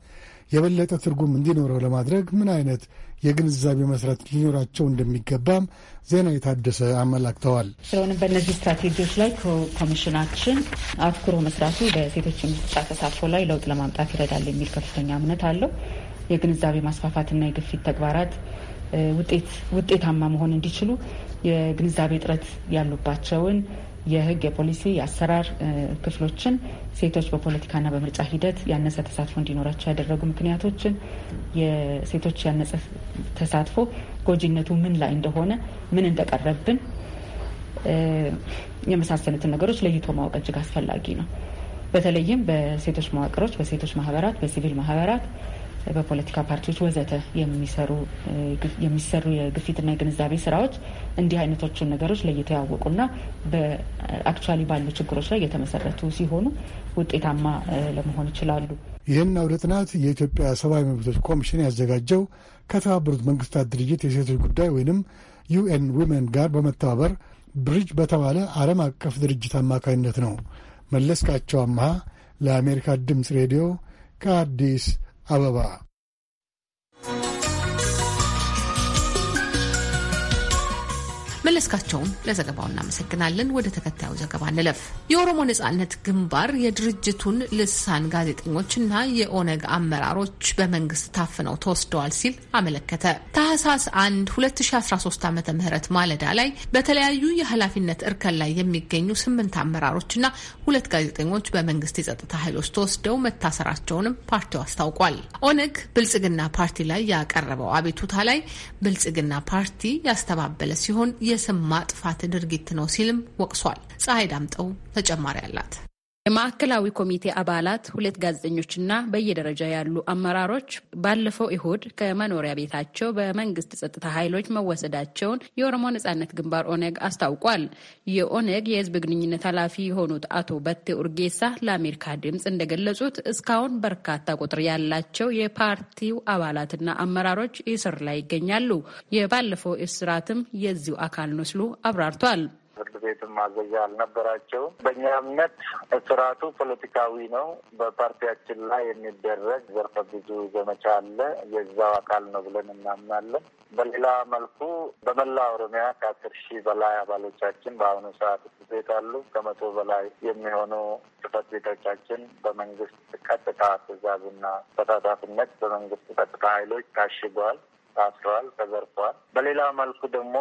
የበለጠ ትርጉም እንዲኖረው ለማድረግ ምን አይነት የግንዛቤ መስረት ሊኖራቸው እንደሚገባም ዜና የታደሰ አመላክተዋል። ስለሆነም በእነዚህ ስትራቴጂዎች ላይ ኮሚሽናችን አትኩሮ መስራቱ በሴቶች ምርጫ ተሳትፎ ላይ ለውጥ ለማምጣት ይረዳል የሚል ከፍተኛ እምነት አለው። የግንዛቤ ማስፋፋትና የግፊት ተግባራት ውጤታማ መሆን እንዲችሉ የግንዛቤ እጥረት ያሉባቸውን የህግ፣ የፖሊሲ፣ የአሰራር ክፍሎችን ሴቶች በፖለቲካና በምርጫ ሂደት ያነሰ ተሳትፎ እንዲኖራቸው ያደረጉ ምክንያቶችን፣ የሴቶች ያነሰ ተሳትፎ ጎጂነቱ ምን ላይ እንደሆነ፣ ምን እንደቀረብን የመሳሰሉትን ነገሮች ለይቶ ማወቅ እጅግ አስፈላጊ ነው። በተለይም በሴቶች መዋቅሮች፣ በሴቶች ማህበራት፣ በሲቪል ማህበራት በፖለቲካ ፓርቲዎች ወዘተ የሚሰሩ የግፊትና የግንዛቤ ስራዎች እንዲህ አይነቶቹን ነገሮች ለይቶ ያወቁና በአክቹዋሊ ባሉ ችግሮች ላይ የተመሰረቱ ሲሆኑ ውጤታማ ለመሆን ይችላሉ። ይህን አውደ ጥናት የኢትዮጵያ ሰብአዊ መብቶች ኮሚሽን ያዘጋጀው ከተባበሩት መንግስታት ድርጅት የሴቶች ጉዳይ ወይንም ዩኤን ዊሜን ጋር በመተባበር ብሪጅ በተባለ ዓለም አቀፍ ድርጅት አማካኝነት ነው። መለስካቸው አምሃ ለአሜሪካ ድምፅ ሬዲዮ ከአዲስ አበባ መለስካቸውን ለዘገባው እናመሰግናለን። ወደ ተከታዩ ዘገባ እንለፍ። የኦሮሞ ነጻነት ግንባር የድርጅቱን ልሳን ጋዜጠኞች እና የኦነግ አመራሮች በመንግስት ታፍነው ተወስደዋል ሲል አመለከተ። ታህሳስ 1 2013 ዓ ም ማለዳ ላይ በተለያዩ የኃላፊነት እርከን ላይ የሚገኙ ስምንት አመራሮችና ሁለት ጋዜጠኞች በመንግስት የጸጥታ ኃይሎች ተወስደው መታሰራቸውንም ፓርቲው አስታውቋል። ኦነግ ብልጽግና ፓርቲ ላይ ያቀረበው አቤቱታ ላይ ብልጽግና ፓርቲ ያስተባበለ ሲሆን የስም ማጥፋት ድርጊት ነው ሲልም ወቅሷል። ፀሐይ ዳምጠው ተጨማሪ አላት። የማዕከላዊ ኮሚቴ አባላት ሁለት ጋዜጠኞችና በየደረጃ ያሉ አመራሮች ባለፈው እሁድ ከመኖሪያ ቤታቸው በመንግስት ጸጥታ ኃይሎች መወሰዳቸውን የኦሮሞ ነጻነት ግንባር ኦነግ አስታውቋል። የኦነግ የህዝብ ግንኙነት ኃላፊ የሆኑት አቶ በቴ ኡርጌሳ ለአሜሪካ ድምፅ እንደገለጹት እስካሁን በርካታ ቁጥር ያላቸው የፓርቲው አባላትና አመራሮች እስር ላይ ይገኛሉ። የባለፈው እስራትም የዚሁ አካል ነው ሲሉ አብራርቷል። ፍርድ ቤትም ማዘዣ አልነበራቸውም። በእኛ እምነት እስራቱ ፖለቲካዊ ነው። በፓርቲያችን ላይ የሚደረግ ዘርፈ ብዙ ዘመቻ አለ። የዛው አካል ነው ብለን እናምናለን። በሌላ መልኩ በመላ ኦሮሚያ ከአስር ሺህ በላይ አባሎቻችን በአሁኑ ሰዓት እስር ቤት አሉ። ከመቶ በላይ የሚሆኑ ጽፈት ቤቶቻችን በመንግስት ቀጥታ ትእዛዝና ተሳታፊነት በመንግስት ቀጥታ ኃይሎች ታሽገዋል፣ ታስረዋል፣ ተዘርፈዋል። በሌላ መልኩ ደግሞ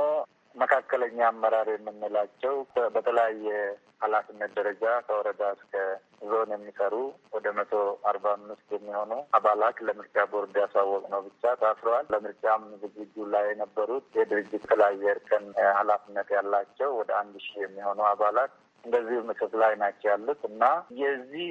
መካከለኛ አመራር የምንላቸው በተለያየ ኃላፊነት ደረጃ ከወረዳ እስከ ዞን የሚሰሩ ወደ መቶ አርባ አምስት የሚሆኑ አባላት ለምርጫ ቦርድ ያሳወቅ ነው ብቻ ታስረዋል። ለምርጫም ዝግጁ ላይ የነበሩት የድርጅት የተለያየ እርከን ኃላፊነት ያላቸው ወደ አንድ ሺህ የሚሆኑ አባላት በዚህ ምክር ላይ ናቸው ያሉት እና የዚህ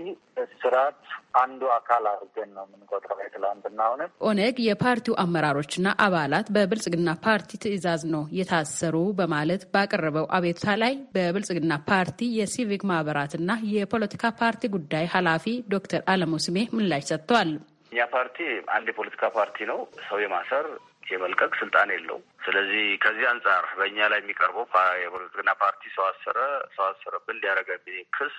ስርዓት አንዱ አካል አድርገን ነው የምንቆጥረው። የትላንትና አሁንም ኦነግ የፓርቲው አመራሮችና አባላት በብልጽግና ፓርቲ ትዕዛዝ ነው የታሰሩ በማለት ባቀረበው አቤቱታ ላይ በብልጽግና ፓርቲ የሲቪክ ማህበራትና የፖለቲካ ፓርቲ ጉዳይ ኃላፊ ዶክተር አለሙ ስሜ ምላሽ ሰጥተዋል። እኛ ፓርቲ አንድ የፖለቲካ ፓርቲ ነው። ሰው የማሰር የመልቀቅ ስልጣን የለው። ስለዚህ ከዚህ አንጻር በእኛ ላይ የሚቀርበው የብልጽግና ፓርቲ ሰው አሰረ ሰው አሰረብን ክስ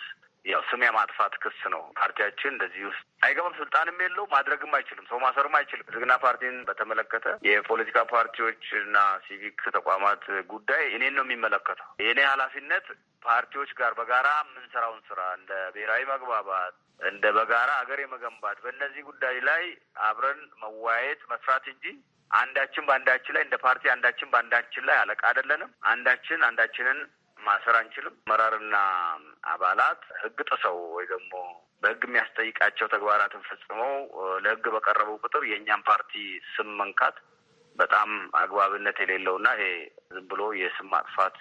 ያው ስም የማጥፋት ክስ ነው። ፓርቲያችን እንደዚህ ውስጥ አይገባም። ስልጣንም የለው ማድረግም አይችልም። ሰው ማሰርም አይችልም። ብልጽግና ፓርቲን በተመለከተ የፖለቲካ ፓርቲዎች እና ሲቪክ ተቋማት ጉዳይ እኔን ነው የሚመለከተው። የእኔ ኃላፊነት ፓርቲዎች ጋር በጋራ የምንሰራውን ስራ እንደ ብሔራዊ መግባባት፣ እንደ በጋራ ሀገር የመገንባት በእነዚህ ጉዳይ ላይ አብረን መወያየት መስራት እንጂ አንዳችን በአንዳችን ላይ እንደ ፓርቲ አንዳችን በአንዳችን ላይ አለቃ አይደለንም። አንዳችን አንዳችንን ማሰር አንችልም። አመራርና አባላት ህግ ጥሰው ወይ ደግሞ በህግ የሚያስጠይቃቸው ተግባራትን ፈጽመው ለህግ በቀረበው ቁጥር የእኛም ፓርቲ ስም መንካት በጣም አግባብነት የሌለውና ይሄ ዝም ብሎ የስም ማጥፋት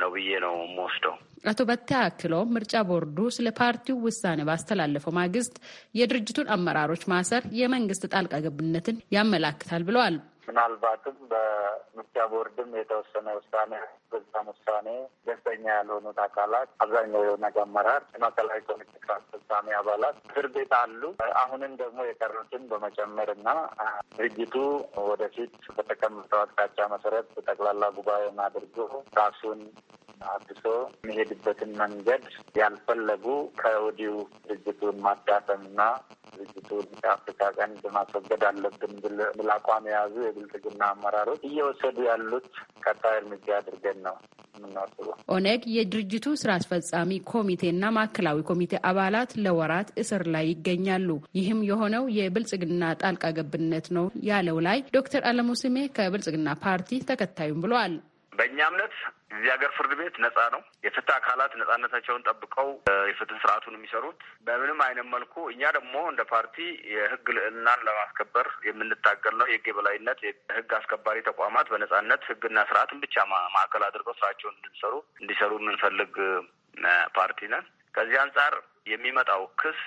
ነው ብዬ ነው የምወስደው። አቶ በቴ አክሎ ምርጫ ቦርዱ ስለ ፓርቲው ውሳኔ ባስተላለፈው ማግስት የድርጅቱን አመራሮች ማሰር የመንግስት ጣልቃ ገብነትን ያመላክታል ብለዋል። ምናልባትም በምርጫ ቦርድም የተወሰነ ውሳኔ በዛም ውሳኔ ደስተኛ ያልሆኑት አካላት አብዛኛው የሆነ አመራር የማዕከላዊ ኮሚቴ ስራ አስፈጻሚ አባላት እስር ቤት አሉ። አሁንም ደግሞ የቀሩትን በመጨመር እና ድርጅቱ ወደፊት በተቀመጠው አቅጣጫ መሰረት ጠቅላላ ጉባኤ አድርጎ ራሱን አድሶ የሚሄድበትን መንገድ ያልፈለጉ ከወዲሁ ድርጅቱን ማዳፈም እና ድርጅቱን ከአፍሪካ ቀንድ ማስወገድ አለብን ብል አቋም የያዙ የብልጽግና አመራሮች እየወሰዱ ያሉት ቀጣይ እርምጃ አድርገን ነው የምናስበው። ኦነግ የድርጅቱ ስራ አስፈጻሚ ኮሚቴና ማዕከላዊ ኮሚቴ አባላት ለወራት እስር ላይ ይገኛሉ። ይህም የሆነው የብልጽግና ጣልቃ ገብነት ነው ያለው ላይ ዶክተር አለሙ ስሜ ከብልጽግና ፓርቲ ተከታዩም ብለዋል። በእኛ እምነት እዚህ ሀገር ፍርድ ቤት ነጻ ነው። የፍትህ አካላት ነጻነታቸውን ጠብቀው የፍትህ ስርዓቱን የሚሰሩት በምንም አይነት መልኩ እኛ ደግሞ እንደ ፓርቲ የህግ ልዕልናን ለማስከበር የምንታገል ነው። የህግ የበላይነት፣ የህግ አስከባሪ ተቋማት በነጻነት ህግና ስርዓትን ብቻ ማዕከል አድርገው ስራቸውን እንድንሰሩ እንዲሰሩ የምንፈልግ ፓርቲ ነን። ከዚህ አንጻር የሚመጣው ክስ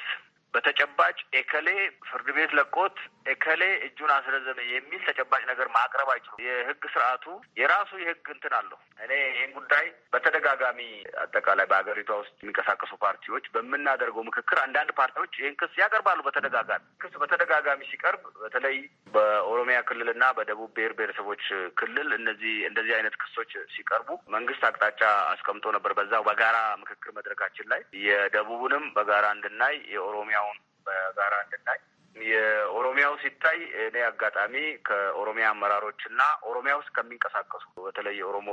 በተጨባጭ ኤከሌ ፍርድ ቤት ለቆት ኤከሌ እጁን አስረዘመ የሚል ተጨባጭ ነገር ማቅረብ አይችሉም። የህግ ስርዓቱ የራሱ የህግ እንትን አለው። እኔ ይህን ጉዳይ በተደጋጋሚ አጠቃላይ በሀገሪቷ ውስጥ የሚንቀሳቀሱ ፓርቲዎች በምናደርገው ምክክር አንዳንድ ፓርቲዎች ይህን ክስ ያቀርባሉ። በተደጋጋሚ ክስ በተደጋጋሚ ሲቀርብ በተለይ በኦሮሚያ ክልልና በደቡብ ብሔር ብሔረሰቦች ክልል እነዚህ እንደዚህ አይነት ክሶች ሲቀርቡ መንግስት አቅጣጫ አስቀምጦ ነበር። በዛው በጋራ ምክክር መድረካችን ላይ የደቡቡንም በጋራ እንድናይ የኦሮሚያ ኦሮሚያውን በጋራ እንድናይ የኦሮሚያው ሲታይ እኔ አጋጣሚ ከኦሮሚያ አመራሮች እና ኦሮሚያ ውስጥ ከሚንቀሳቀሱ በተለይ የኦሮሞ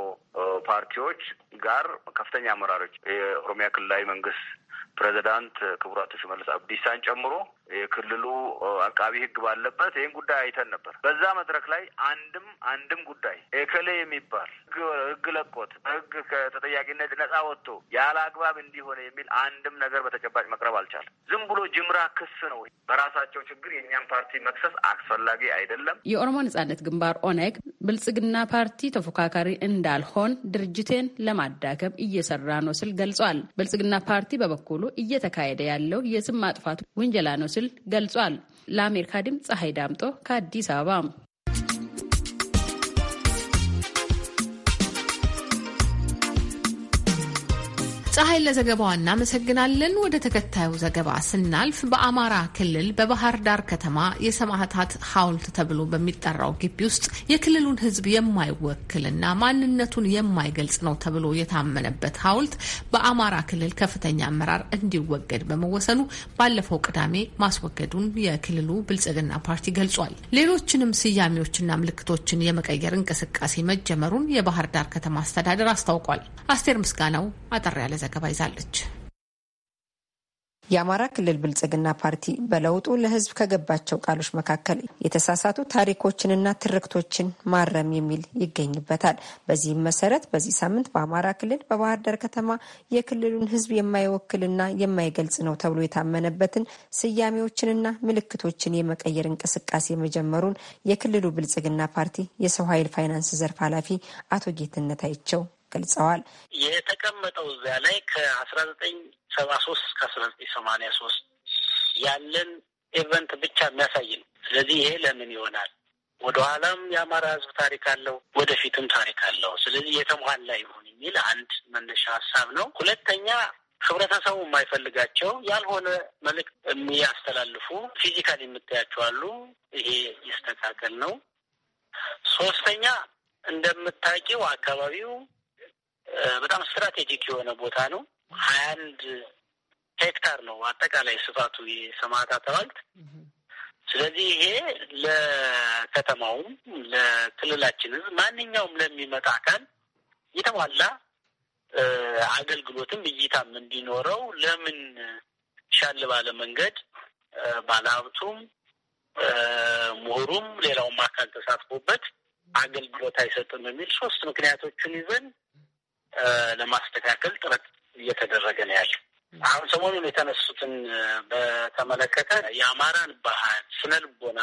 ፓርቲዎች ጋር ከፍተኛ አመራሮች የኦሮሚያ ክልላዊ መንግስት ፕሬዚዳንት ክቡር አቶ ሽመልስ አብዲሳን ጨምሮ የክልሉ አቃቢ ህግ ባለበት ይህን ጉዳይ አይተን ነበር። በዛ መድረክ ላይ አንድም አንድም ጉዳይ ኤከሌ የሚባል ህግ ለቆት ህግ ከተጠያቂነት ነጻ ወጥቶ ያለ አግባብ እንዲሆነ የሚል አንድም ነገር በተጨባጭ መቅረብ አልቻለም። ዝም ብሎ ጅምራ ክስ ነው። በራሳቸው ችግር የእኛም ፓርቲ መክሰስ አስፈላጊ አይደለም። የኦሮሞ ነጻነት ግንባር ኦነግ ብልጽግና ፓርቲ ተፎካካሪ እንዳልሆን ድርጅቴን ለማዳከም እየሰራ ነው ስል ገልጿል። ብልጽግና ፓርቲ በበኩሉ እየተካሄደ ያለው የስም ማጥፋት ውንጀላ ነው ሲል ገልጿል። ለአሜሪካ ድምፅ ፀሐይ ዳምጦ ከአዲስ አበባ ፀሐይ ለዘገባዋ እናመሰግናለን። ወደ ተከታዩ ዘገባ ስናልፍ በአማራ ክልል በባህር ዳር ከተማ የሰማዕታት ሐውልት ተብሎ በሚጠራው ግቢ ውስጥ የክልሉን ሕዝብ የማይወክልና ማንነቱን የማይገልጽ ነው ተብሎ የታመነበት ሐውልት በአማራ ክልል ከፍተኛ አመራር እንዲወገድ በመወሰኑ ባለፈው ቅዳሜ ማስወገዱን የክልሉ ብልጽግና ፓርቲ ገልጿል። ሌሎችንም ስያሜዎችና ምልክቶችን የመቀየር እንቅስቃሴ መጀመሩን የባህር ዳር ከተማ አስተዳደር አስታውቋል። አስቴር ምስጋናው አጠር ያለ ዘገባ ይዛለች። የአማራ ክልል ብልጽግና ፓርቲ በለውጡ ለሕዝብ ከገባቸው ቃሎች መካከል የተሳሳቱ ታሪኮችንና ትርክቶችን ማረም የሚል ይገኝበታል። በዚህም መሰረት በዚህ ሳምንት በአማራ ክልል በባህር ዳር ከተማ የክልሉን ሕዝብ የማይወክልና የማይገልጽ ነው ተብሎ የታመነበትን ስያሜዎችንና ምልክቶችን የመቀየር እንቅስቃሴ መጀመሩን የክልሉ ብልጽግና ፓርቲ የሰው ኃይል ፋይናንስ ዘርፍ ኃላፊ አቶ ጌትነት አይቸው ገልጸዋል። የተቀመጠው እዚያ ላይ ከአስራ ዘጠኝ ሰባ ሶስት እስከ አስራ ዘጠኝ ሰማኒያ ሶስት ያለን ኤቨንት ብቻ የሚያሳይ ነው። ስለዚህ ይሄ ለምን ይሆናል? ወደኋላም የአማራ ህዝብ ታሪክ አለው፣ ወደፊትም ታሪክ አለው። ስለዚህ የተሟላ ይሆን የሚል አንድ መነሻ ሀሳብ ነው። ሁለተኛ ህብረተሰቡ የማይፈልጋቸው ያልሆነ መልእክት የሚያስተላልፉ ፊዚካል የምታያቸው አሉ። ይሄ ይስተካከል ነው። ሶስተኛ እንደምታውቂው አካባቢው በጣም ስትራቴጂክ የሆነ ቦታ ነው። ሀያ አንድ ሄክታር ነው አጠቃላይ ስፋቱ የሰማዕታት ሐውልት። ስለዚህ ይሄ ለከተማውም ለክልላችን ማንኛውም ለሚመጣ አካል የተሟላ አገልግሎትም እይታም እንዲኖረው ለምን ሻል ባለ መንገድ ባለሀብቱም ምሁሩም ሌላውም አካል ተሳትፎበት አገልግሎት አይሰጥም የሚል ሶስት ምክንያቶችን ይዘን ለማስተካከል ጥረት እየተደረገ ነው ያለ። አሁን ሰሞኑን የተነሱትን በተመለከተ የአማራን ባህል ስነ ልቦና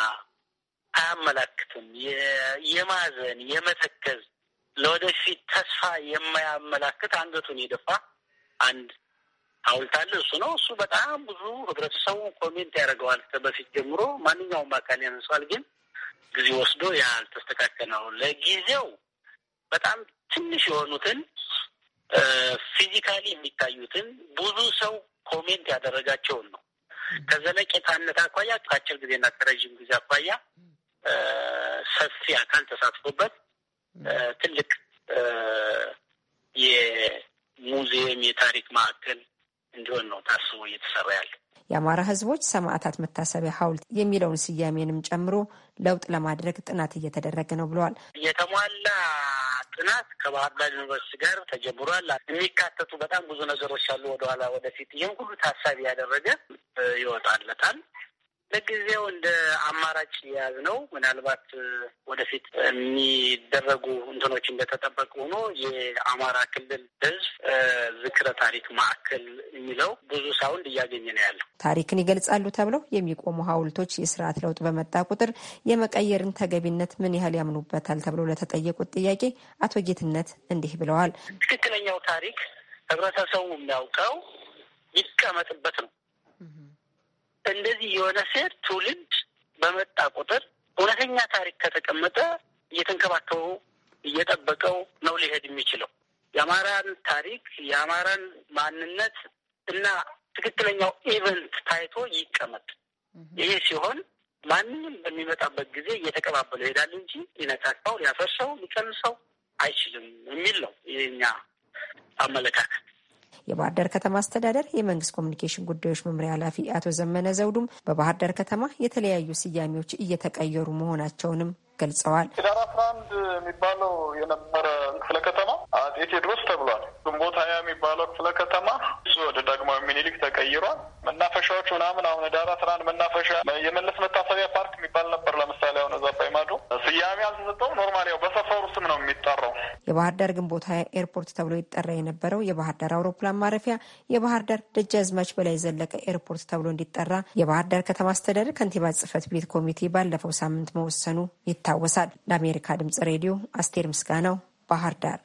አያመላክትም። የማዘን የመተከዝ፣ ለወደፊት ተስፋ የማያመላክት አንገቱን የደፋ አንድ ሐውልት አለ። እሱ ነው እሱ በጣም ብዙ ህብረተሰቡ ኮሜንት ያደርገዋል። ከበፊት ጀምሮ ማንኛውም አካል ያነሷል። ግን ጊዜ ወስዶ ያልተስተካከለው ለጊዜው በጣም ትንሽ የሆኑትን ፊዚካሊ የሚታዩትን ብዙ ሰው ኮሜንት ያደረጋቸውን ነው። ከዘለቄታነት አኳያ ከአጭር ጊዜና ከረዥም ጊዜ አኳያ ሰፊ አካል ተሳትፎበት ትልቅ የሙዚየም የታሪክ ማዕከል እንዲሆን ነው ታስቦ እየተሰራ ያለ። የአማራ ህዝቦች ሰማዕታት መታሰቢያ ሐውልት የሚለውን ስያሜንም ጨምሮ ለውጥ ለማድረግ ጥናት እየተደረገ ነው ብለዋል። የተሟላ ጥናት ከባህር ዳር ዩኒቨርሲቲ ጋር ተጀምሯል። የሚካተቱ በጣም ብዙ ነገሮች አሉ። ወደኋላ ወደፊት ይህም ሁሉ ታሳቢ ያደረገ ይወጣለታል። ለጊዜው እንደ አማራጭ የያዝ ነው። ምናልባት ወደፊት የሚደረጉ እንትኖች እንደተጠበቁ ሆኖ የአማራ ክልል ህዝብ ዝክረ ታሪክ ማዕከል የሚለው ብዙ ሳውንድ እያገኘ ነው ያለው። ታሪክን ይገልጻሉ ተብለው የሚቆሙ ሀውልቶች የስርዓት ለውጥ በመጣ ቁጥር የመቀየርን ተገቢነት ምን ያህል ያምኑበታል ተብለው ለተጠየቁት ጥያቄ አቶ ጌትነት እንዲህ ብለዋል። ትክክለኛው ታሪክ ህብረተሰቡ የሚያውቀው ይቀመጥበት ነው እንደዚህ የሆነ ሴት ትውልድ በመጣ ቁጥር እውነተኛ ታሪክ ከተቀመጠ እየተንከባከበው እየጠበቀው ነው ሊሄድ የሚችለው። የአማራን ታሪክ የአማራን ማንነት እና ትክክለኛው ኢቨንት ታይቶ ይቀመጥ። ይሄ ሲሆን ማንም በሚመጣበት ጊዜ እየተቀባበለው ይሄዳል እንጂ ሊነካካው፣ ሊያፈርሰው፣ ሊቀንሰው አይችልም የሚል ነው የኛ አመለካከት። የባህር ዳር ከተማ አስተዳደር የመንግስት ኮሚኒኬሽን ጉዳዮች መምሪያ ኃላፊ አቶ ዘመነ ዘውዱም በባህር ዳር ከተማ የተለያዩ ስያሜዎች እየተቀየሩ መሆናቸውንም ገልጸዋል። ህዳር አስራ አንድ የሚባለው የነበረ ክፍለ ከተማ አጤ ቴዎድሮስ ተብሏል። ግንቦት ሀያ የሚባለው ክፍለ ከተማ እሱ ወደ ዳግማዊ ሚኒሊክ ተቀይሯል። መናፈሻዎች ምናምን አሁን ህዳር አስራ አንድ መናፈሻ የመለስ መታሰቢያ ፓርክ የሚባል የባህር ዳር ግንቦት ሀያ ኤርፖርት ተብሎ ይጠራ የነበረው የባህር ዳር አውሮፕላን ማረፊያ የባህር ዳር ደጃዝማች በላይ ዘለቀ ኤርፖርት ተብሎ እንዲጠራ የባህር ዳር ከተማ አስተዳደር ከንቲባ ጽህፈት ቤት ኮሚቴ ባለፈው ሳምንት መወሰኑ ይታወሳል። ለአሜሪካ ድምጽ ሬዲዮ አስቴር ምስጋናው ባህር ዳር።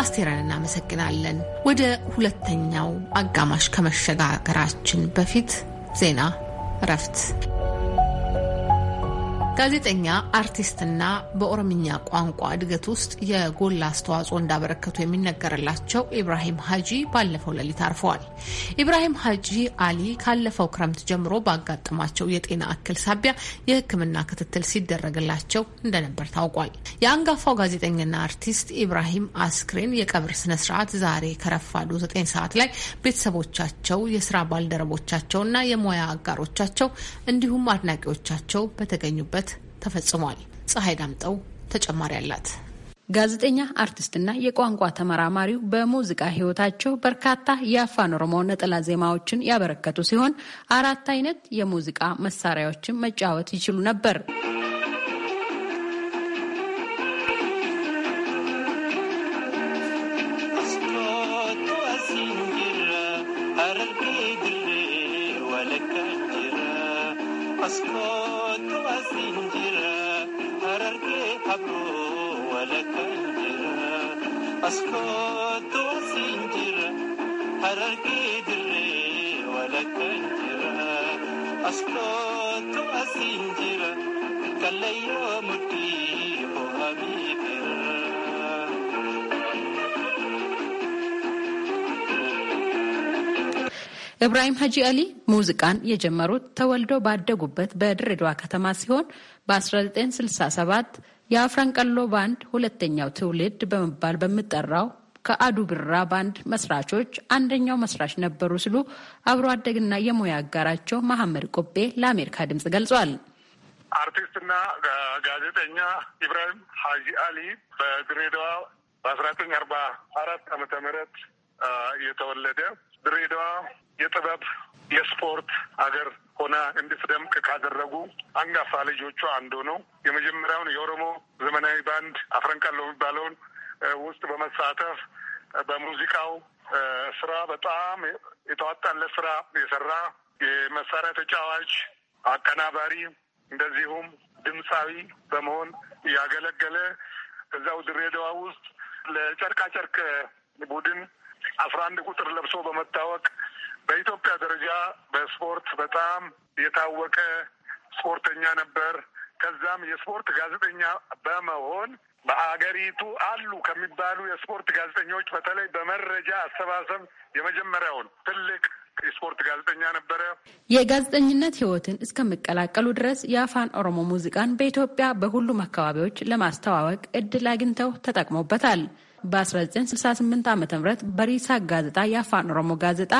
አስቴርን እናመሰግናለን። ወደ ሁለተኛው አጋማሽ ከመሸጋገራችን በፊት ዜና እረፍት ጋዜጠኛ አርቲስትና በኦሮምኛ ቋንቋ እድገት ውስጥ የጎላ አስተዋጽኦ እንዳበረከቱ የሚነገርላቸው ኢብራሂም ሀጂ ባለፈው ሌሊት አርፈዋል። ኢብራሂም ሀጂ አሊ ካለፈው ክረምት ጀምሮ ባጋጠማቸው የጤና እክል ሳቢያ የሕክምና ክትትል ሲደረግላቸው እንደነበር ታውቋል። የአንጋፋው ጋዜጠኛና አርቲስት ኢብራሂም አስክሬን የቀብር ስነ ስርዓት ዛሬ ከረፋዱ 9 ሰዓት ላይ ቤተሰቦቻቸው፣ የስራ ባልደረቦቻቸውና የሙያ አጋሮቻቸው እንዲሁም አድናቂዎቻቸው በተገኙበት ተፈጽሟል። ፀሐይ ዳምጠው ተጨማሪ አላት። ጋዜጠኛ አርቲስትና የቋንቋ ተመራማሪው በሙዚቃ ህይወታቸው በርካታ የአፋን ኦሮሞ ነጠላ ዜማዎችን ያበረከቱ ሲሆን አራት አይነት የሙዚቃ መሳሪያዎችን መጫወት ይችሉ ነበር። ኢብራሂም ሀጂ አሊ ሙዚቃን የጀመሩት ተወልደው ባደጉበት በድሬዳዋ ከተማ ሲሆን በ1967 የአፍረንቀሎ ባንድ ሁለተኛው ትውልድ በመባል በሚጠራው ከአዱ ብራ ባንድ መስራቾች አንደኛው መስራች ነበሩ ሲሉ አብሮ አደግና የሙያ አጋራቸው መሐመድ ቆቤ ለአሜሪካ ድምጽ ገልጿል። አርቲስትና ጋዜጠኛ ኢብራሂም ሀጂ አሊ በድሬዳዋ በአስራ ዘጠኝ አርባ አራት ዓመተ ምህረት የተወለደ ድሬዳዋ የጥበብ የስፖርት ሀገር ሆና እንድትደምቅ ካደረጉ አንጋፋ ልጆቹ አንዱ ነው። የመጀመሪያውን የኦሮሞ ዘመናዊ ባንድ አፍረንቃሎ የሚባለውን ውስጥ በመሳተፍ በሙዚቃው ስራ በጣም የተዋጣለት ስራ የሰራ የመሳሪያ ተጫዋች፣ አቀናባሪ እንደዚሁም ድምፃዊ በመሆን ያገለገለ እዛው ድሬዳዋ ውስጥ ለጨርቃጨርቅ ቡድን አስራ አንድ ቁጥር ለብሶ በመታወቅ በኢትዮጵያ ደረጃ በስፖርት በጣም የታወቀ ስፖርተኛ ነበር። ከዛም የስፖርት ጋዜጠኛ በመሆን በሀገሪቱ አሉ ከሚባሉ የስፖርት ጋዜጠኞች በተለይ በመረጃ አሰባሰብ የመጀመሪያውን ትልቅ የስፖርት ጋዜጠኛ ነበረ። የጋዜጠኝነት ህይወትን እስከሚቀላቀሉ ድረስ የአፋን ኦሮሞ ሙዚቃን በኢትዮጵያ በሁሉም አካባቢዎች ለማስተዋወቅ እድል አግኝተው ተጠቅሞበታል። በ1968 ዓ ም በሪሳ ጋዜጣ የአፋን ኦሮሞ ጋዜጣ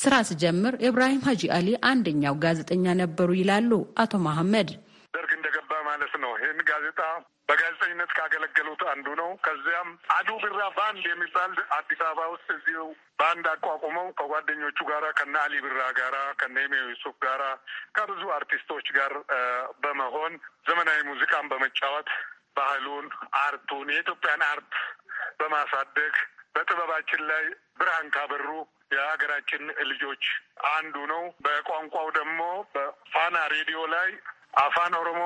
ስራ ሲጀምር ኢብራሂም ሀጂ አሊ አንደኛው ጋዜጠኛ ነበሩ ይላሉ አቶ መሐመድ። ደርግ እንደገባ ማለት ነው ይህን ጋዜጣ በጋዜጠኝነት ካገለገሉት አንዱ ነው። ከዚያም አዱ ብራ ባንድ የሚባል አዲስ አበባ ውስጥ እዚሁ ባንድ አቋቁመው ከጓደኞቹ ጋራ ከነ አሊ ቢራ ጋራ ከነ ዩሱፍ ጋራ ከብዙ አርቲስቶች ጋር በመሆን ዘመናዊ ሙዚቃን በመጫወት ባህሉን፣ አርቱን፣ የኢትዮጵያን አርት በማሳደግ በጥበባችን ላይ ብርሃን ካበሩ የሀገራችን ልጆች አንዱ ነው። በቋንቋው ደግሞ በፋና ሬዲዮ ላይ አፋን ኦሮሞ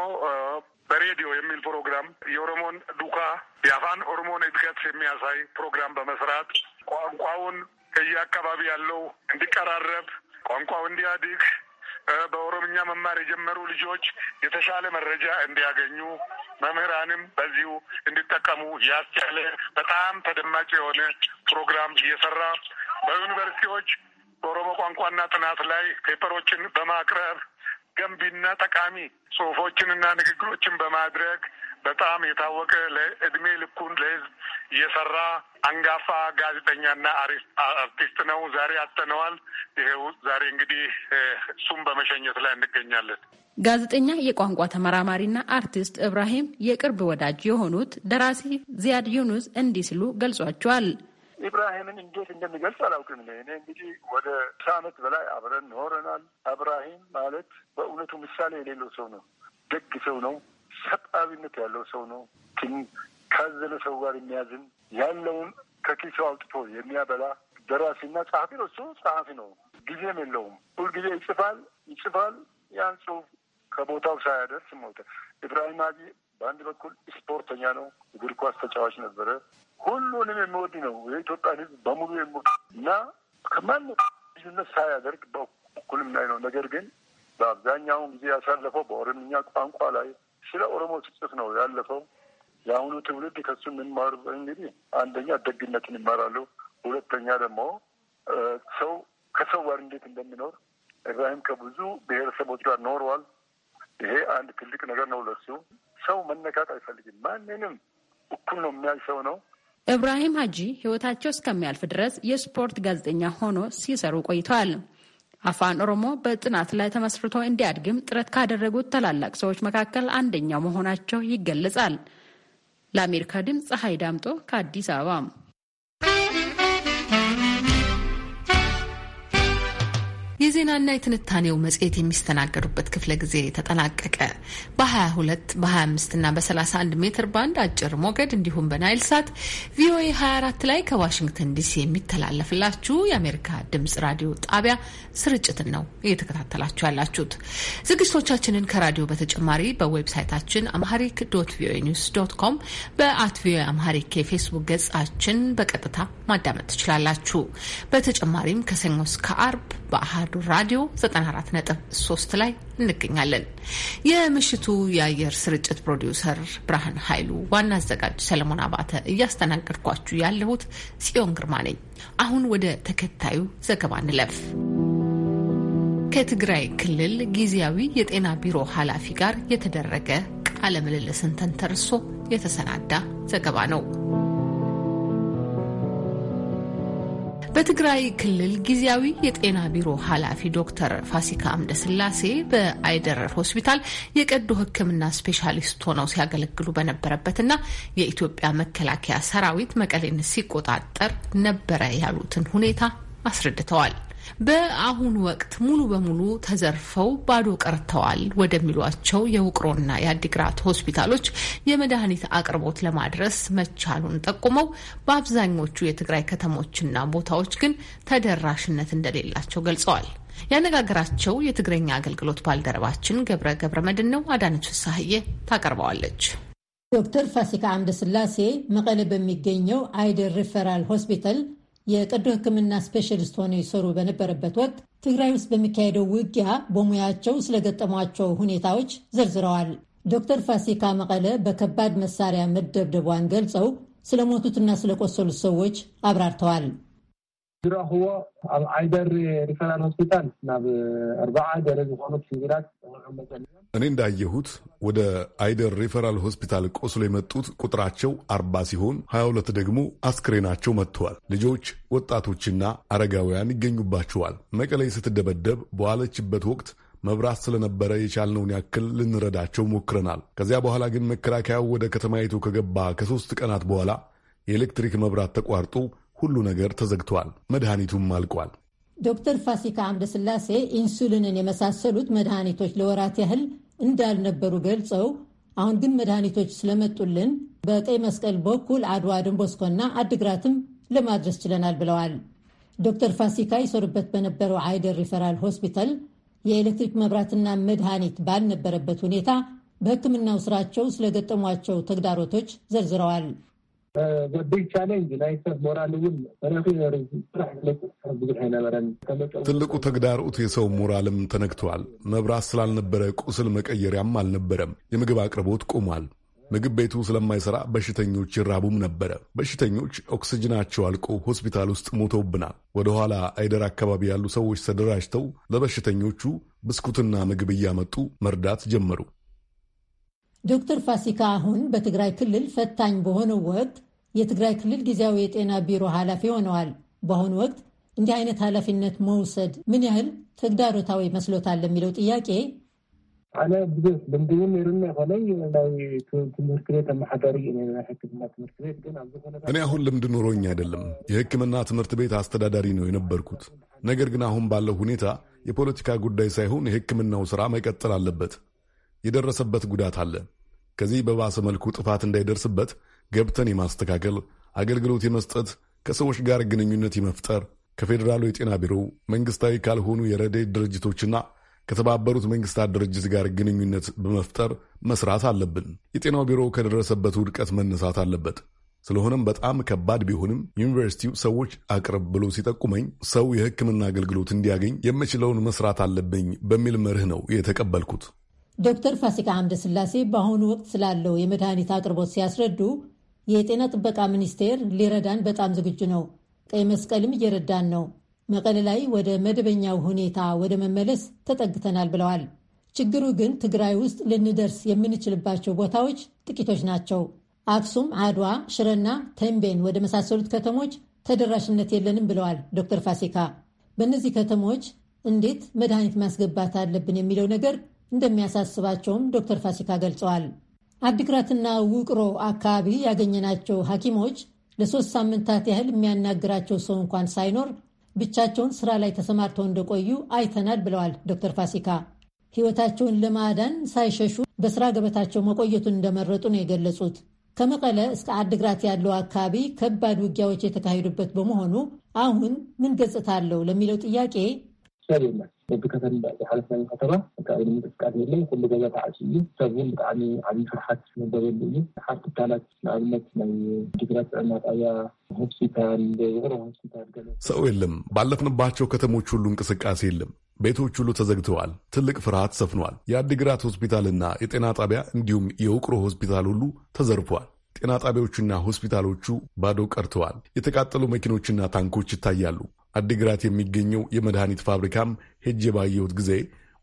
በሬዲዮ የሚል ፕሮግራም የኦሮሞን ዱካ የአፋን ኦሮሞን እድገት የሚያሳይ ፕሮግራም በመስራት ቋንቋውን ከየአካባቢ ያለው እንዲቀራረብ ቋንቋው እንዲያድግ በኦሮምኛ መማር የጀመሩ ልጆች የተሻለ መረጃ እንዲያገኙ መምህራንም በዚሁ እንዲጠቀሙ ያስቻለ በጣም ተደማጭ የሆነ ፕሮግራም እየሰራ በዩኒቨርሲቲዎች በኦሮሞ ቋንቋና ጥናት ላይ ፔፐሮችን በማቅረብ ገንቢና ጠቃሚ ጽሁፎችንና ንግግሮችን በማድረግ በጣም የታወቀ ለእድሜ ልኩን ለህዝብ የሰራ አንጋፋ ጋዜጠኛና አርቲስት ነው። ዛሬ አጥተነዋል። ይሄው ዛሬ እንግዲህ እሱም በመሸኘት ላይ እንገኛለን። ጋዜጠኛ፣ የቋንቋ ተመራማሪና አርቲስት እብራሂም የቅርብ ወዳጅ የሆኑት ደራሲ ዚያድ ዩኑስ እንዲህ ሲሉ ገልጿቸዋል። ኢብራሂምን እንዴት እንደሚገልጽ አላውቅም። እኔ እንግዲህ ወደ ሺህ በላይ አብረን ኖረናል። እብራሂም ማለት በእውነቱ ምሳሌ የሌለው ሰው ነው። ደግ ሰው ነው። ሰብአዊነት ያለው ሰው ነው። ግን ካዘነ ሰው ጋር የሚያዝን ያለውን ከኪሱ አውጥቶ የሚያበላ ደራሲና ጸሐፊ ነው። እሱ ጸሐፊ ነው። ጊዜም የለውም። ሁልጊዜ ይጽፋል ይጽፋል። ያን ጽሁፍ ከቦታው ሳያደርስ ሞተ። ኢብራሂም ሀጂ በአንድ በኩል ስፖርተኛ ነው። እግር ኳስ ተጫዋች ነበረ። ሁሉንም የሚወድ ነው። የኢትዮጵያን ሕዝብ በሙሉ የሚወድ እና ከማንም ልዩነት ሳያደርግ በእኩልም ላይ ነው። ነገር ግን በአብዛኛውን ጊዜ ያሳለፈው በኦሮምኛ ቋንቋ ላይ ስለ ኦሮሞ ስጭት ነው ያለፈው። የአሁኑ ትውልድ ከሱ የምንማሩ እንግዲህ አንደኛ ደግነትን ይማራሉ። ሁለተኛ ደግሞ ሰው ከሰው ጋር እንዴት እንደሚኖር ኢብራሂም ከብዙ ብሔረሰቦች ጋር ኖረዋል። ይሄ አንድ ትልቅ ነገር ነው ለሱ። ሰው መነካት አይፈልግም። ማንንም እኩል ነው የሚያይ ሰው ነው። ኢብራሂም ሀጂ ህይወታቸው እስከሚያልፍ ድረስ የስፖርት ጋዜጠኛ ሆኖ ሲሰሩ ቆይተዋል። አፋን ኦሮሞ በጥናት ላይ ተመስርቶ እንዲያድግም ጥረት ካደረጉት ታላላቅ ሰዎች መካከል አንደኛው መሆናቸው ይገለጻል። ለአሜሪካ ድምፅ ፀሐይ ዳምጦ ከአዲስ አበባ የዜናና የትንታኔው መጽሔት የሚስተናገዱበት ክፍለ ጊዜ ተጠናቀቀ። በ22 በ25 እና በ31 ሜትር ባንድ አጭር ሞገድ እንዲሁም በናይል ሳት ቪኦኤ 24 ላይ ከዋሽንግተን ዲሲ የሚተላለፍላችሁ የአሜሪካ ድምጽ ራዲዮ ጣቢያ ስርጭትን ነው እየተከታተላችሁ ያላችሁት። ዝግጅቶቻችንን ከራዲዮ በተጨማሪ በዌብሳይታችን አምሃሪክ ዶት ቪኦኤ ኒውስ ዶት ኮም፣ በአት ቪኦኤ አምሃሪክ የፌስቡክ ገጻችን በቀጥታ ማዳመጥ ትችላላችሁ። በተጨማሪም ከሰኞ እስከ አርብ አህዱ ራዲዮ 94.3 ላይ እንገኛለን። የምሽቱ የአየር ስርጭት ፕሮዲውሰር ብርሃን ኃይሉ፣ ዋና አዘጋጅ ሰለሞን አባተ፣ እያስተናገድኳችሁ ያለሁት ጽዮን ግርማ ነኝ። አሁን ወደ ተከታዩ ዘገባ እንለፍ። ከትግራይ ክልል ጊዜያዊ የጤና ቢሮ ኃላፊ ጋር የተደረገ ቃለ ምልልስን ተንተርሶ የተሰናዳ ዘገባ ነው። በትግራይ ክልል ጊዜያዊ የጤና ቢሮ ኃላፊ ዶክተር ፋሲካ አምደ ስላሴ በአይደር ሆስፒታል የቀዶ ሕክምና ስፔሻሊስት ሆነው ሲያገለግሉ በነበረበትና የኢትዮጵያ መከላከያ ሰራዊት መቀሌን ሲቆጣጠር ነበረ ያሉትን ሁኔታ አስረድተዋል። በአሁኑ ወቅት ሙሉ በሙሉ ተዘርፈው ባዶ ቀርተዋል ወደሚሏቸው የውቅሮና የአዲግራት ሆስፒታሎች የመድኃኒት አቅርቦት ለማድረስ መቻሉን ጠቁመው በአብዛኞቹ የትግራይ ከተሞችና ቦታዎች ግን ተደራሽነት እንደሌላቸው ገልጸዋል። ያነጋገራቸው የትግረኛ አገልግሎት ባልደረባችን ገብረ ገብረ መድን ነው። አዳነች ፍሳህዬ ታቀርበዋለች። ዶክተር ፋሲካ አምደ ስላሴ መቀለ በሚገኘው አይደር ሪፈራል ሆስፒታል የቀዶ ሕክምና ስፔሻሊስት ሆነው ይሰሩ በነበረበት ወቅት ትግራይ ውስጥ በሚካሄደው ውጊያ በሙያቸው ስለገጠሟቸው ሁኔታዎች ዘርዝረዋል። ዶክተር ፋሲካ መቀለ በከባድ መሳሪያ መደብደቧን ገልጸው ስለሞቱትና ስለቆሰሉት ሰዎች አብራርተዋል። ዝረኽቦ ኣብ ዓይደር ሪፈራል ሆስፒታል ናብ ኣርባዓ ገለ ዝኾኑ ሽግራት እኔ እንዳየሁት ወደ አይደር ሪፈራል ሆስፒታል ቆስሎ የመጡት ቁጥራቸው አርባ ሲሆን ሀያ ሁለት ደግሞ አስክሬናቸው መጥተዋል። ልጆች፣ ወጣቶችና አረጋውያን ይገኙባቸዋል። መቀለይ ስትደበደብ በዋለችበት ወቅት መብራት ስለነበረ የቻልነውን ያክል ልንረዳቸው ሞክረናል። ከዚያ በኋላ ግን መከላከያው ወደ ከተማይቱ ከገባ ከሦስት ቀናት በኋላ የኤሌክትሪክ መብራት ተቋርጦ ሁሉ ነገር ተዘግቷል። መድኃኒቱም አልቋል። ዶክተር ፋሲካ አምደስላሴ ኢንሱሊንን የመሳሰሉት መድኃኒቶች ለወራት ያህል እንዳልነበሩ ገልጸው አሁን ግን መድኃኒቶች ስለመጡልን በቀይ መስቀል በኩል አድዋ፣ ደንቦስኮና አድግራትም ለማድረስ ችለናል ብለዋል። ዶክተር ፋሲካ ይሰሩበት በነበረው አይደር ሪፈራል ሆስፒታል የኤሌክትሪክ መብራትና መድኃኒት ባልነበረበት ሁኔታ በሕክምናው ስራቸው ስለገጠሟቸው ተግዳሮቶች ዘርዝረዋል። ትልቁ ተግዳሮት የሰው ሞራልም ተነክተዋል። መብራት ስላልነበረ ቁስል መቀየሪያም አልነበረም። የምግብ አቅርቦት ቆሟል። ምግብ ቤቱ ስለማይሰራ በሽተኞች ይራቡም ነበረ። በሽተኞች ኦክስጅናቸው አልቆ ሆስፒታል ውስጥ ሞተውብናል። ወደኋላ አይደር አካባቢ ያሉ ሰዎች ተደራጅተው ለበሽተኞቹ ብስኩትና ምግብ እያመጡ መርዳት ጀመሩ። ዶክተር ፋሲካ አሁን በትግራይ ክልል ፈታኝ በሆነው ወቅት የትግራይ ክልል ጊዜያዊ የጤና ቢሮ ኃላፊ ሆነዋል። በአሁኑ ወቅት እንዲህ አይነት ኃላፊነት መውሰድ ምን ያህል ተግዳሮታዊ መስሎታል ለሚለው ጥያቄ ኣነ ብዙሕ ልምዲ እውን ይኮነይ ናይ ቤት ኣመሓዳሪ እዩ ናይ ሕክምና ትምህርት ቤት ግን ኣብ ዝኾነ እኔ አሁን ልምድ ኖሮኝ አይደለም የሕክምና ትምህርት ቤት አስተዳዳሪ ነው የነበርኩት። ነገር ግን አሁን ባለው ሁኔታ የፖለቲካ ጉዳይ ሳይሆን የሕክምናው ስራ መቀጠል አለበት። የደረሰበት ጉዳት አለ። ከዚህ በባሰ መልኩ ጥፋት እንዳይደርስበት ገብተን የማስተካከል አገልግሎት የመስጠት ከሰዎች ጋር ግንኙነት የመፍጠር ከፌዴራሉ የጤና ቢሮ መንግስታዊ ካልሆኑ የረዴ ድርጅቶችና ከተባበሩት መንግስታት ድርጅት ጋር ግንኙነት በመፍጠር መስራት አለብን። የጤናው ቢሮ ከደረሰበት ውድቀት መነሳት አለበት። ስለሆነም በጣም ከባድ ቢሆንም ዩኒቨርሲቲው ሰዎች አቅርብ ብሎ ሲጠቁመኝ ሰው የሕክምና አገልግሎት እንዲያገኝ የምችለውን መስራት አለብኝ በሚል መርህ ነው የተቀበልኩት። ዶክተር ፋሲካ አምደ ስላሴ በአሁኑ ወቅት ስላለው የመድኃኒት አቅርቦት ሲያስረዱ የጤና ጥበቃ ሚኒስቴር ሊረዳን በጣም ዝግጁ ነው። ቀይ መስቀልም እየረዳን ነው። መቀለ ላይ ወደ መደበኛው ሁኔታ ወደ መመለስ ተጠግተናል ብለዋል። ችግሩ ግን ትግራይ ውስጥ ልንደርስ የምንችልባቸው ቦታዎች ጥቂቶች ናቸው። አክሱም፣ አድዋ፣ ሽረና ተምቤን ወደ መሳሰሉት ከተሞች ተደራሽነት የለንም ብለዋል ዶክተር ፋሲካ። በእነዚህ ከተሞች እንዴት መድኃኒት ማስገባት አለብን የሚለው ነገር እንደሚያሳስባቸውም ዶክተር ፋሲካ ገልጸዋል። አዲግራትና ውቅሮ አካባቢ ያገኘናቸው ሐኪሞች ለሶስት ሳምንታት ያህል የሚያናግራቸው ሰው እንኳን ሳይኖር ብቻቸውን ስራ ላይ ተሰማርተው እንደቆዩ አይተናል ብለዋል ዶክተር ፋሲካ። ህይወታቸውን ለማዳን ሳይሸሹ በስራ ገበታቸው መቆየቱን እንደመረጡ ነው የገለጹት። ከመቀለ እስከ አድግራት ያለው አካባቢ ከባድ ውጊያዎች የተካሄዱበት በመሆኑ አሁን ምን ገጽታ አለው ለሚለው ጥያቄ ሰብ የለን በዚ ከተማ ዝሓለፍና ከተማ ካበ ምንቅስቃስ የለ ኩሉ ገዛ ተዓሽ እዩ ሰብ ብጣዕሚ ዓብዪ ፍርሓት ዝነበረሉ እዩ ሓር ትካላት ንኣብነት ናይ ድግራት ጥዕና ጣብያ ሆስፒታል ሆስፒታል ሰው የለም። ባለፍንባቸው ከተሞች ሁሉ እንቅስቃሴ የለም። ቤቶች ሁሉ ተዘግተዋል። ትልቅ ፍርሃት ሰፍኗል። የአዲግራት ሆስፒታልና የጤና ጣቢያ እንዲሁም የውቅሮ ሆስፒታል ሁሉ ተዘርፏል። ጤና ጣቢያዎቹና ሆስፒታሎቹ ባዶ ቀርተዋል። የተቃጠሉ መኪኖችና ታንኮች ይታያሉ። አዲግራት የሚገኘው የመድኃኒት ፋብሪካም ሄጄ ባየሁት ጊዜ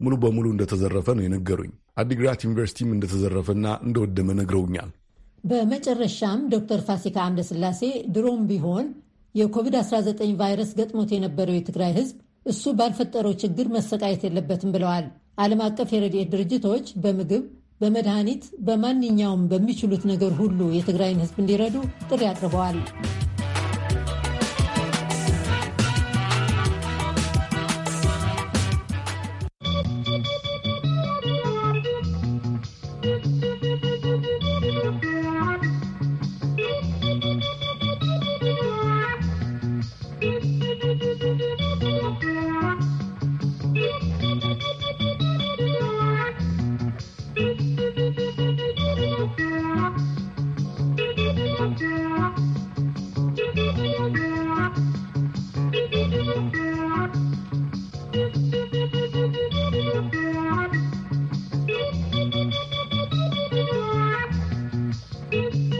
ሙሉ በሙሉ እንደተዘረፈ ነው የነገሩኝ። አዲግራት ዩኒቨርሲቲም እንደተዘረፈና እንደወደመ ነግረውኛል። በመጨረሻም ዶክተር ፋሲካ አምደስላሴ ድሮም ቢሆን የኮቪድ-19 ቫይረስ ገጥሞት የነበረው የትግራይ ሕዝብ እሱ ባልፈጠረው ችግር መሰቃየት የለበትም ብለዋል። ዓለም አቀፍ የረድኤት ድርጅቶች በምግብ በመድኃኒት በማንኛውም በሚችሉት ነገር ሁሉ የትግራይን ሕዝብ እንዲረዱ ጥሪ አቅርበዋል።